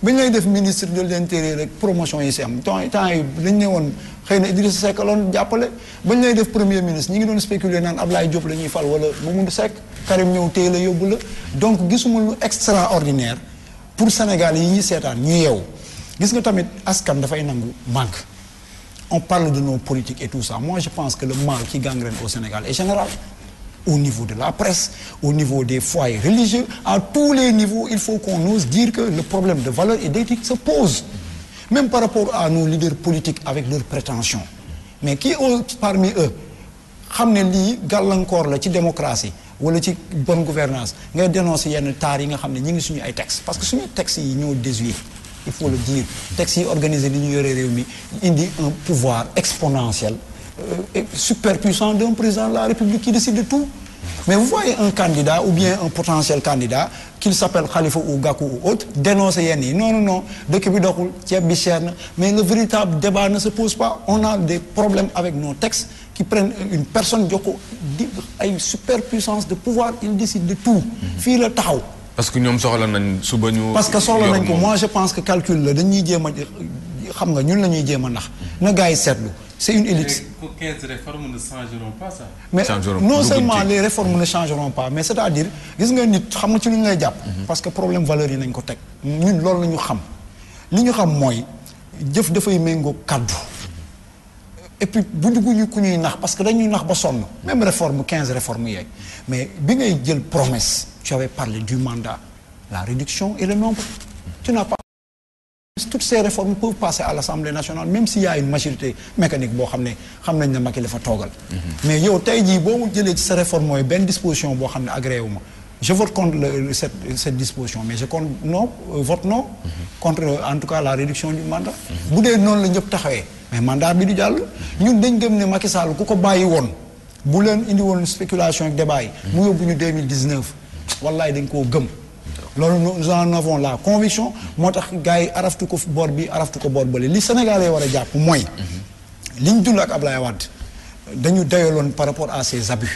bi ñu lay def ministre de l'intérieur rek promotion yi si am temps temps yi dañ ne woon xëy na Idrissa Seck loon jàppale bañ lay def premier ministre ñi ngi doon spéculer naan Ablaye Diop la ñuy fal wala Mamadou Seck Karim ñëw téye la yóbbu la donc gisuma lu extraordinaire pour Sénégal yi ñuy seetaan ñu yeewu gis nga tamit askan dafay nangu manque on parle de nos politiques et tout ça moi je pense que le mal qui gangrène au Sénégal est général au niveau de la presse, au niveau des foyers religieux, à tous les niveaux, il faut qu'on ose dire que le problème de valeur et d'éthique se pose. Même par rapport à nos leaders politiques avec leurs prétentions. Mais qui ose parmi eux xam ne lii gàllankoor la ci démocratie wala ci bonne gouvernance ngay dénoncer yenn taar yi nga xam ne ñu ngi suñu ay textes parce que suñu textes yi ñoo désuet il faut le dire textes yi organisé li ñu yore réew mi indi un pouvoir exponentiel Euh, superpuissant d'un président de la République qui décide de tout. Mais vous voyez un candidat ou bien un potentiel candidat qu'il s'appelle Khalifa ou Gakou ou autre, dénoncer Yenni. Non, non, non, Dekibidokoul, Bicherne. Mais le véritable débat ne se pose pas. On a des problèmes avec nos textes qui prennent une personne a une superpuissance de pouvoir, il décide de tout. Fille le Tao. Parce que nous sommes Parce que moi je pense que calcul, le xam nga ñun la ñuy a nax na gars yi seetlu c'est une élite. mais 15 réformes ne changeront pas ça. mais non seulement les réformes pas mais c'est-à-dire gis nga nit xam nga ci lu ñu jàpp. Mhm. parce que problème valeur yi nañ ko teg. ñun loolu la ñu xam li ñu xam mooy jëf dafay méngoo kàddu. et puis bu dugguñu ku ñuy nax parce que dañuy nax ba sonn même réforme 15 réformes yeeg mais bi ngay jël promesse tu avais parlé du mandat la réduction et le nombre tu n'as pas toutes ces réformes peuvent passer à l'Assemblée nationale même s'il y une majorité mécanique boo xam ne xam nañ ne Macky la fa toogal mais yow tey jii boo mu jëlee ci sa réforme mooy benn disposition boo xam ne agréé wu ma je vote contre le, cette, cette disposition mais je compte non euh, euh, en tout cas la réduction du mandat bu dee noonu la ñëpp taxawee mais mandat bi du jàll ñun dañ gëm ne Macky Sall ku ko bàyyi woon bu leen indi woon spéculation ak débat yi mu yóbbu ñu 2019 wallaay dañ koo gëm loolu nous en avons la conviction moo tax gars yi araftu ko boor bi araftu ko boor bële li Sénégalais war a jàpp mooy ñu dund ak Ablaye Wade dañu dayaloon par rapport à ses abus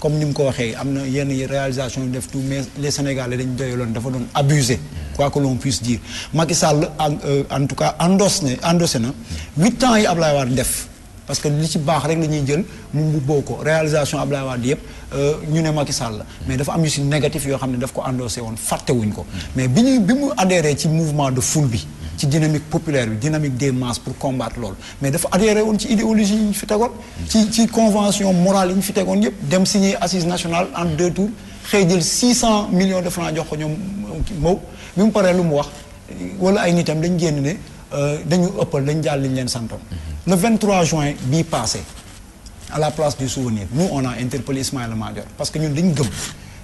comme ni mu ko waxee am na yenn réalisation yu def tout mais les Sénégalais dañu loon dafa doon abusé quoi que l'on puisse dire Macky Sall en euh, tout cas endosse na endossé na huit ans yi Ablaye Wade def parce que li ci baax rek la ñuy jël mu mbubboo ko réalisation Ablaye Wade yëpp Euh, ñu ne Macky Sall la mais dafa am ñu si négatif yoo xam ne daf ko endossé woon fàtte wuñ ko mais bi ñu bi mu adhéré ci mouvement de foule bi ci dynamique populaire bi dynamique de masses pour combattre loolu mais dafa adhéré woon ci idéologie yi ñu fi tegoon ci ci convention morale yi ñu fi tegoon yëpp dem signer assise nationale en deux tours xëy jël six cent millions de francs jox ko ñoom Mbow bi mu paree lu mu wax wala ay nitam dañ génn ne euh, dañu ëppal dañ jàll liñ leen santoon le 23 juin bii passé à la place du souvenir nous on a interpellé Ismaïla Madior parce que ñun dañu gëm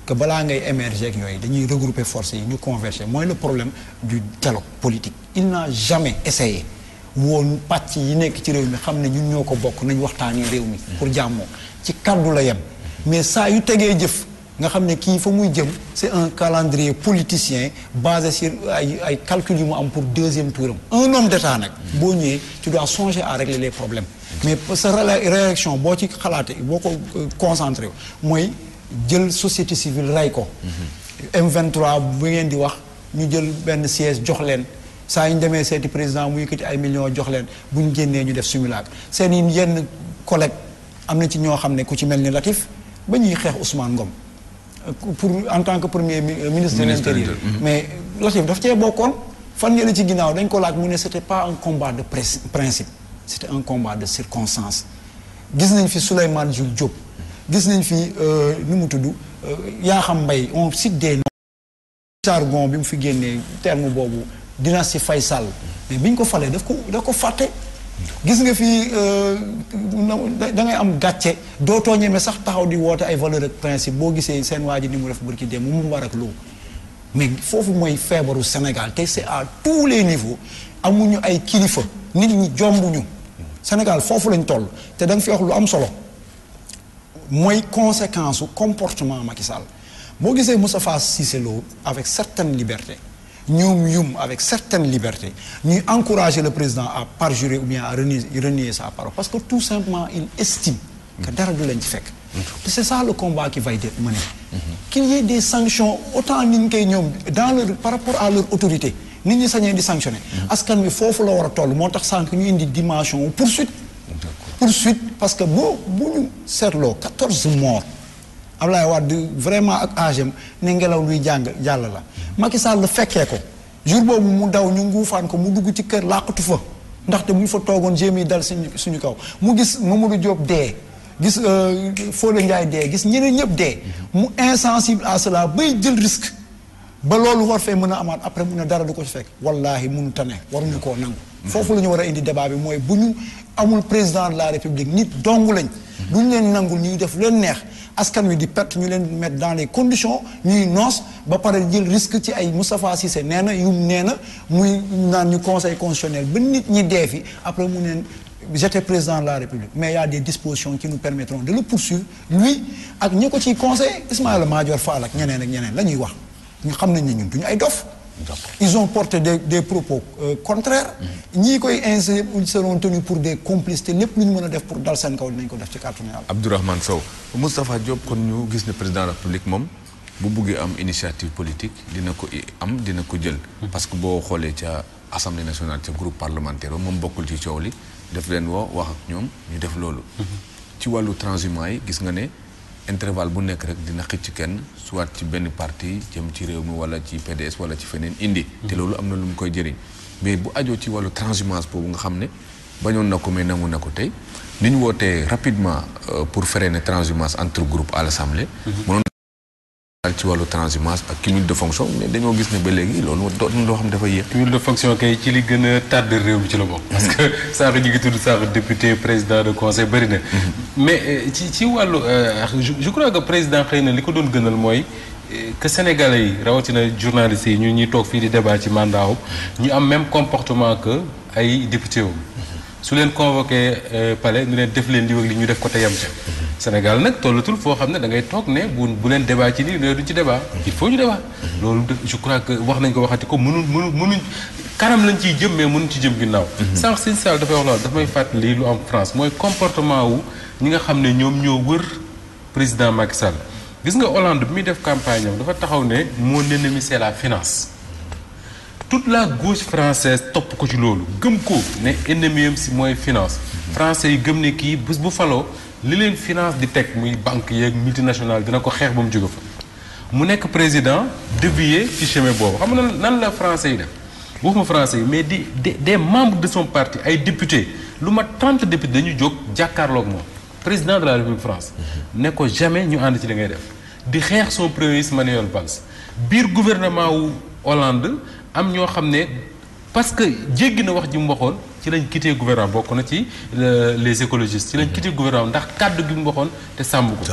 que balaa ngay émerger ak dañuy regrouper forces yi ñu converger mooy la problème du dialogue politique il n'a jamais essayé woon pàcc yi nekk ci réew mi xam ne ñun ñoo ko bokk nañ waxtaanee réew mi pour jàmmoo ci kàddu la yem mais saa yu tegee jëf nga xam ne kii fa muy jëm c'est un calendrier politicien basé sur ay ay calcul yu mu am pour deuxième touram un homme d'état nag boo ñëwee tu dois songer à régler les problèmes mais sa réaction boo ci xalaate boo ko euh, concentré mooy jël société civile rey ko mm-hmm. M23 bu ngeen di wax ñu jël benn siège jox leen saa yu ñu demee seeti président mu yëkkati ay millions jox leen bu ñu génnee ñu def simulacre seen i yenn collègue am na ci ñoo xam ne ku ci mel ni Latif ba ñuy xeex Ousmane Ngom pour en tant que premier euh, ministre de l'intérieur mm-hmm. mais Latif daf cee bokkoon fan yële ci ginnaaw dañ ko laaj mu ne c'était pas un combat de principe c'était en combat de circonstance gis nañ fi Souleymane Jules Diop gis nañ fi euh, ni mu tudd euh, yaa xam mbay on cite des bi mu fi génnee terme boobu dynastie Faye Sall mais bi ñu ko falee daf ko daf ko fàtte gis nga fi euh, da ngay am gàcce dootoo ñeme sax taxaw di woote ay valeur ak principe boo gisee seen waa ji ni mu def bërki dem mu war ak loo mais foofu mooy feebaru Sénégal te c'est à tous les niveaux amuñu ay kilifa nit ñi jombuñu Sénégal foofu lañ toll te da nga fi wax lu am solo mooy conséquence su comportement Macky Sall boo gisee Moustapha Cissé Lo avec certaines libertés ñoom yum avec certaines libertés ñuy encourager le président à parjurer ou bien à renier renier sa parole parce que tout simplement il estime que dara du leen ci fekk c'est ça le combat qui va être mené mm-hmm. qu'il y ait des sanctions autant niñ koy ñoom dans leur par rapport à leur autorité nit ñi sañee di sanctionné askan wi foofu la war a toll moo tax sànq ñu indi dimension poursuite suite parce que boo bu ñu seetloo quatorze morts Ablaye Wade vraiment ak AGM ne ngelaw luy jàng jàll la Macky Sall fekkee ko jour boobu mu daw ñu nguufaan ko mu dugg ci kër làqatu fa ndaxte mu fa toogoon jéem yi dal suñu suñu kaw mu gis Mamadou Diop dee gis euh, Fodé Ndiaye dee gis ñeneen ñëpp dee mu insensible à cela bay jël risque ba loolu war fee mën a amaat après mun a dara du ko ci fekk wallaahi mënu tane waruñu koo nangu foofu la ñu war a indi débat bi mooy bu ñu amul président de la république nit dong lañ duñ leen nangul ñuy def leen neex askan wi di perte ñu leen mettre dans les condition ñuy noos ba pare jël risque ci ay Moustapha Cissé nee na yum nee na muy naan ñu conseil constitutionnel ba nit ñi dee fi après mu neen j'étais président de la République mais il y a des dispositions qui nous permettront de ko ciy conseil Ismaïla Madior Fall ak ñeneen ak ñeneen la ñuy wax ñu xam nañ ne ñun duñu ay dof ils ont porté des des propos euh, contraires mm-hmm. ñii koy incité ils seront tenus pour des complices te lépp lu ñu mën a def pour dal seen kaw dinañ ko def ci kàttanu yàlla Abdourahmane Sow Moustapha Diop kon ñu gis ne président de la République moom bu buggee am initiative politique dina ko am dina ko jël mm-hmm. parce que boo xoolee ca assemblée nationale ca groupe parlementaire o moom bokkul ci coow li def leen woo wax ak ñoom ñu def loolu mm-hmm. ci wàllu transhumance yi gis nga ne intervalle bu nekk rek dina xëcc kenn soit ci benn parti jëm ci réew mi wala ci PDS wala ci feneen indi. Hmm. te loolu am na lu mu koy jëriñ. mais bu ajoo ci wàllu transhumance boobu nga xam ne bañoon na ko mais nangu na ko tey ni ñu wootee rapidement euh, pour ne transhumance entre groupe à l'Assemblée. Hmm. ak ci wàllu transhumance ak cumul de fonction mais dañoo gis ne ba léegi loolu doon loo xam dafa yéex. cumul de fonction kay ci li gën a tardé réew mi ci la bokk. parce que mm-hmm. saako ñu ngi tudd député président de conseil bëri na. Mm-hmm. mais euh, ci ci wàllu euh, je crois que président xëy na li ko doon gënal mooy euh, que sénégalais yi rawatina journalistes yi ñu ñuy toog fii di débat ci mandat ñu am même comportement que ay député wu. Mm-hmm. su leen convoqué pale nu leen def leen lii ak li ñu def ko yem Sénégal nag tollatul foo xam ne da ngay toog ne bu bu leen débat ci lii ne ci débat mhm. il faut ñu débat loolu je crois que wax nañ ko waxati ko mënu mënu mënuñ kanam lañ ciy jëm mais mënuñ ci jëm ginnaaw mhm. sànq seen sall dafay wax loolu dafa may fàttali lu am France mooy comportement wu ñi nga xam ne ñoom ñoo wër président Macky Sall gis nga Hollande bi muy def campagne am dafa taxaw ne mon ennemi c'est la finance tout la gauche française topp ko ci loolu gëm ko ne ennemi si mooy finance mhm. français yi gëm ne kii bés bu faloo li leen finance di teg muy banque yeeg multinationale dina ko xeex ba mu jóge fa mu nekk président dévié ci chemin boobu xam na nan la français yi def waxuma français yi mais di des membres de son parti ay député lu ma trente député dañu jóg jàkkaarlook moom président de la république France ne ko jamais ñu ànd ci li ngay def di xeex son premier ministre Manuel Valls biir gouvernement wu Hollande am ñoo xam ne parce que jéggi na wax ji mu waxoon ci lañ quitté gouvernement bokk na ci euh, les écologistes ci lañ quitté gouvernement ndax kàddu gi mu waxoon te sàmm ko